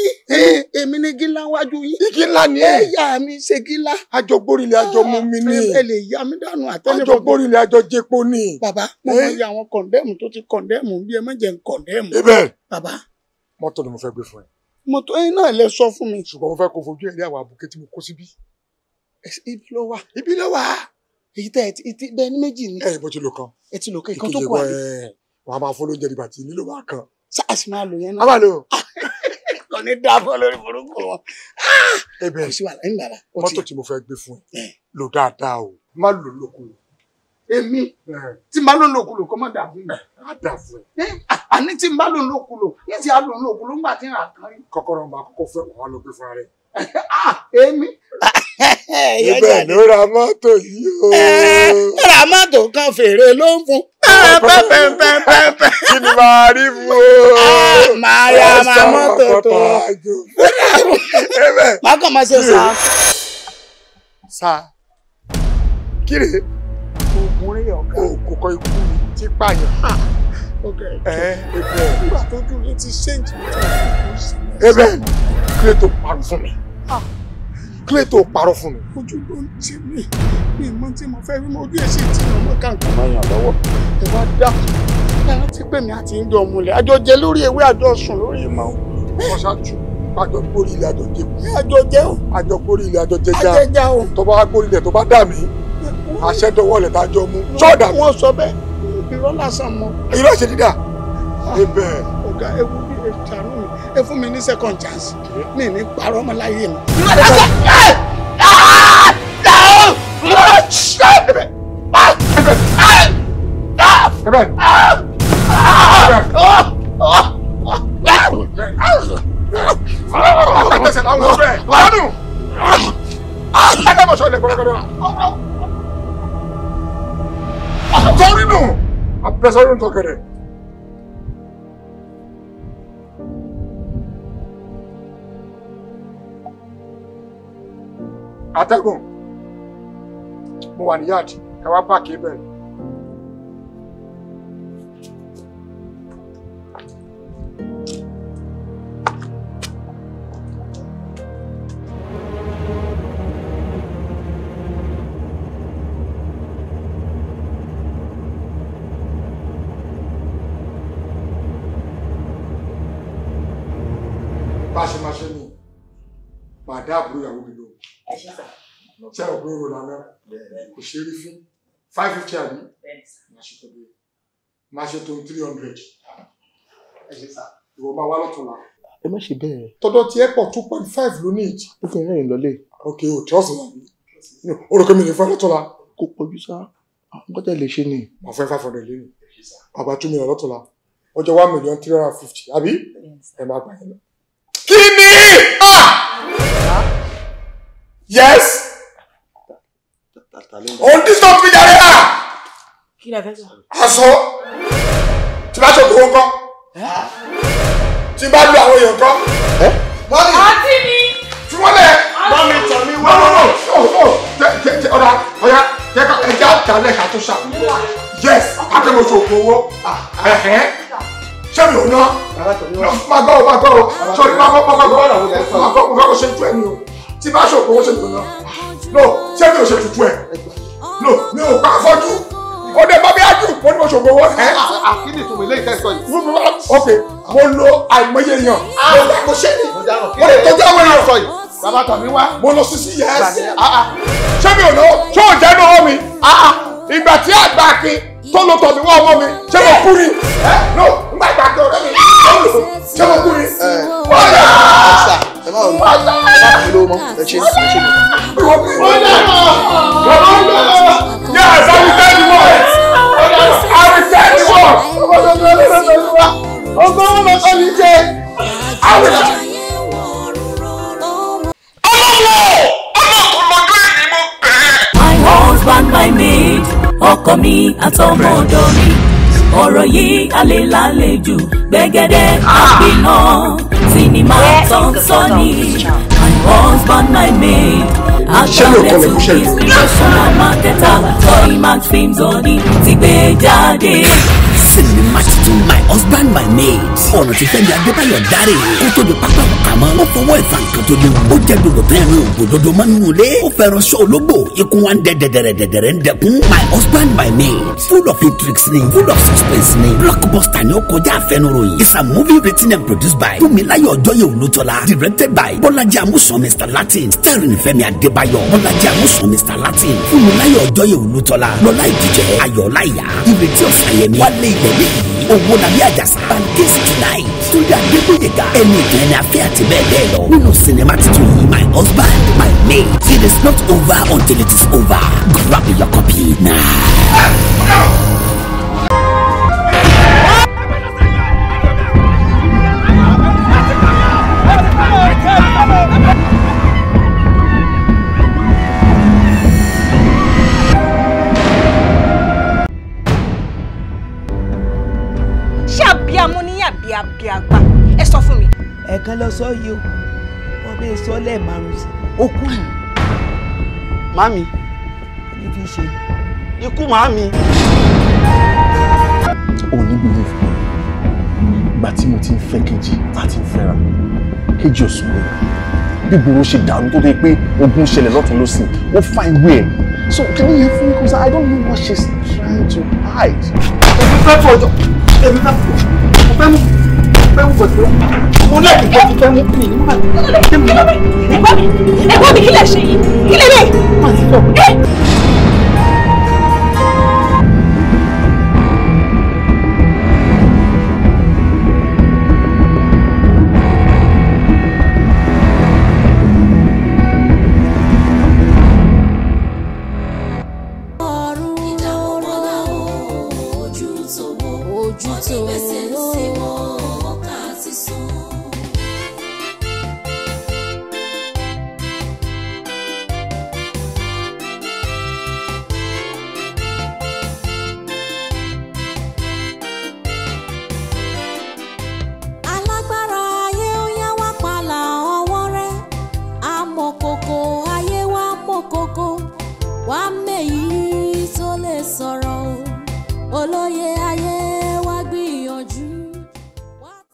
èmi ni gíla wájú yín. igi ńlá ni ẹ. ẹyà mi ṣe gíla. àjọ gbórílẹ̀ àjọ ah, mú mi ní. ẹ lè yá mi dànù àtẹnudọ́. àjọ gbórílẹ̀ àjọ jẹpo ni. bàbá mo mọ iye àwọn kọ̀ǹdẹ́mù tó ti kọ̀ǹdẹ́mù bí ẹ má jẹ́ kọ̀ǹdẹ́mù. ibẹ̀ bàbá. mọ́tò ni mo fẹ́ gbé fún ẹ. mọ́tò ẹyin náà lẹ sọ fún mi. ṣùgbọ́n mo fẹ́ kó fojú ẹ̀ rí àwọn àbùkẹ́ tí mo kó síbí. ibi ló wà. ibi ló wà wọn a máa fọ́ lóúnjẹ ìbàtí lílo bá kan. sars máa lò yẹn náà. a máa lò. kò ní dáa fọ́ lórí burúkú wọn. ebe ah! mọ́tò tí mo fẹ́ gbé fún ẹ eh. lò dáadáa o má lò lòkulò. èmi eh. tí n bá lò lòkulò kó dà fún mi. a eh, dà fún ẹ. àní tí n bá lò yín ti a lò lòkulò ńgbà tí n rà kán rí. kọ́kọ́rọ́ máa kọ́kọ́ fẹ́ wàá lọ gbé fúnra ah, èmi ah, ibẹ̀ ló ra mọ́tò yìí o. ra mọ́tò kan fèrè ló ń fún. Ah, pẹ́pẹ́pẹ́pẹ́. kí ni màá rí fún o. Ah, màá ra màá mọ́tò tó. màá kàn máa ṣe sá. sá kí ni. oògùn rẹ ọ̀gá. oògùn kan ikú mi ti pààyàn. ọ̀gá ẹ̀ ẹ̀ kí ló tó parun fún mi. Ah kílẹ̀ tó parọ́ fún mi. ojú ló ń tì mí mi mọ tí mo fẹ́ rí mọ ojú èsì tí mo mọ káńtà máa yàn lọ́wọ́ ẹ wá dákun lára tí pèmí àti ń jọ múlẹ̀ àjọ jẹ lórí ewé àjọ sùn lórí ìmọ̀ wọn ṣáájú àjọ gbórí ilé àjọ jẹ àjọ jẹ o àjọ gbórí ilé àjọ jẹjá o tó bá gbórí ilé tó bá dà mí àṣẹ dọwọ́ lẹ̀ tá a jọ mú sọ́ọ̀dà mi. wọ́n sọ bẹ́ẹ̀ irọ́ lásán mọ́. irọ́ ṣe dídà. Ah, ẹ bẹ́ẹ̀. ọ̀gá ewu ni ètò àrùn ẹ fún mi ní second chance mi ní parọ́ ọmọ láyé mi. Torí nù! Àpẹẹsọ́rùn tó kéré. atẹ́gùn mo wà ní yard ẹ wá páàkì bẹ́ẹ̀ rò lálẹ́ kò ṣe é rí fún five fifty àbí máa ṣe tó three hundred ẹ ṣe sá ìwọ máa wá lọ́tún la. ẹ má ṣe bẹ́ẹ̀. tọ́jọ́ ti airport two point five ló ní ìjì. ó ti rẹ́rìn lọlé. ok o trust me o rò pé mi lè fún ẹ lọ́tún la. kò pọ̀jù sá nǹkan tẹ̀ lè ṣe ni. mo fẹ́ five hundred lé ní bàbá two million lọ́tún la ọjọ́ one million three hundred and fifty àbí ẹ máa gbà yẹn lọ. kí ni. Ah! yes òun disturb mi jàre à. Ah! kí ni a fẹ́ sọ. aṣọ tí bá ṣe òkòwò kan tí bá lu àwọn èèyàn kan. ọtí mi. tí wọ́n lẹ̀. bá mi tọ̀ mí wá. ọ̀rọ̀ ọ̀ya jẹ́ ká ẹja dalẹ̀ ká tó ṣà. yes akẹ́mọ̀ ṣe òkòwò sẹ́mi ah, ah. ò ná máa gbọ́ ọ máa gbọ́ ọ sọ́ni máa gbọ́ ọ máa gbọ́ ọ máa gbọ́ ọ ṣe ju ẹni o tí bá ṣe òkòwò ṣe jù ú ná no ṣé mi ò ṣe tutù ẹ̀ no mi ò pa afọ́jú ó dé bábí ájú mo ní mo ṣògo wọn. àkíní tó mi lé ìtẹ́sọ yìí. wúmi wá ok mo lo àìmọye èèyàn ah! mo bá mo ṣe ni mo lè tọ́jú àwọn èèyàn. bàbá tàmí wá. mo lọ sí sí yẹn. Ah, ah. ṣé mi ò lọ ṣé ò jẹ́ ní ọwọ́ mi. ìgbà tí àgbà kin tó lọ tọ̀ mí wá ọmọ mi ṣé mo kú ni ẹ no nígbà ìgbà tó rẹ mi ṣé mo kú ni wọ́yà wọ́yà wọ́yà yes I return the word I return the word ọgọ́rùn-ún ọkọ mi jẹ I return. ọkọ mi àtọmọ ọ̀dọ̀ mi ọ̀rọ̀ yìí alẹ́ lálẹ́ jù gbẹ́gẹ́dẹ́ ah! àbínà sinimá tó ń sọ ni my husband my maid agbálẹ̀ tó kí sọ́nà mákẹ́tà Toymax Films Ooni ti gbé jáde. Fẹ́mi Matthew my husband my maid, ọ̀nà tí Fẹ́mi Adébáyọ̀ dáre kó tó di pápá ọ̀kà mọ́ ó fọwọ́ ìfà nǹkan tó léwu ó jẹ́ gbogbo tó yẹnu ògbódodo mọ́nú ilé ó fẹ́ràn ṣọ́ ológbò ikú wa ń dẹ dẹdẹrẹ dẹdẹrẹ ń dẹkun my husband my mate full of intrigues ni full of suspense ni blockbuster ni ó kọjá àfẹnuròyìn it's a movie written and produced by Tómiláyọ̀ Ọjọ́yẹ Olútọ́lá directed by Bọ́lájí Amúsàn Mr Latin starring Fẹ́mi Adébáyọ̀ Bọ́lájí Amúsàn Mr Latin Tómiláyọ̀ Ọjọ́yẹ Olútọ́lá Lọlá Ìdíjẹ Ayọ̀ọ́láyà Ìrètí Ọ̀sàyẹmí Wálé pẹ̀lú yìí owó nàbí àjàsà pancase tonight túnde adégbòyega ẹni ìdẹ́ni afẹ́ àti bẹ́ẹ̀ bẹ́ẹ̀ lọ nínú sinimá titun yìí my husband my mate it is not over until it is over grab your copy now. nìkan lọ sọ yìí o wọn bẹ sọ lẹ́ẹ̀márùn sí ó kú yìí. màmí. ní fi ṣe. ikú màmí. òní bìlì fún mi ìgbà tí mo ti ń fẹ́ kejì àti ìfẹ́ra kejì oṣù mi bí gbòòrò ṣe dàrú tó dé pé ogun ṣẹlẹ̀ lọ́tún lọ́sìn ó fa ìwé ẹ̀ so can you help me because I don't know what she's trying to hide. èmi fẹ́ fọjọ́ èmi fẹ́ fọjọ́ mo fẹ́ mú fẹ́ kí lè ṣe yìí kí lè lè.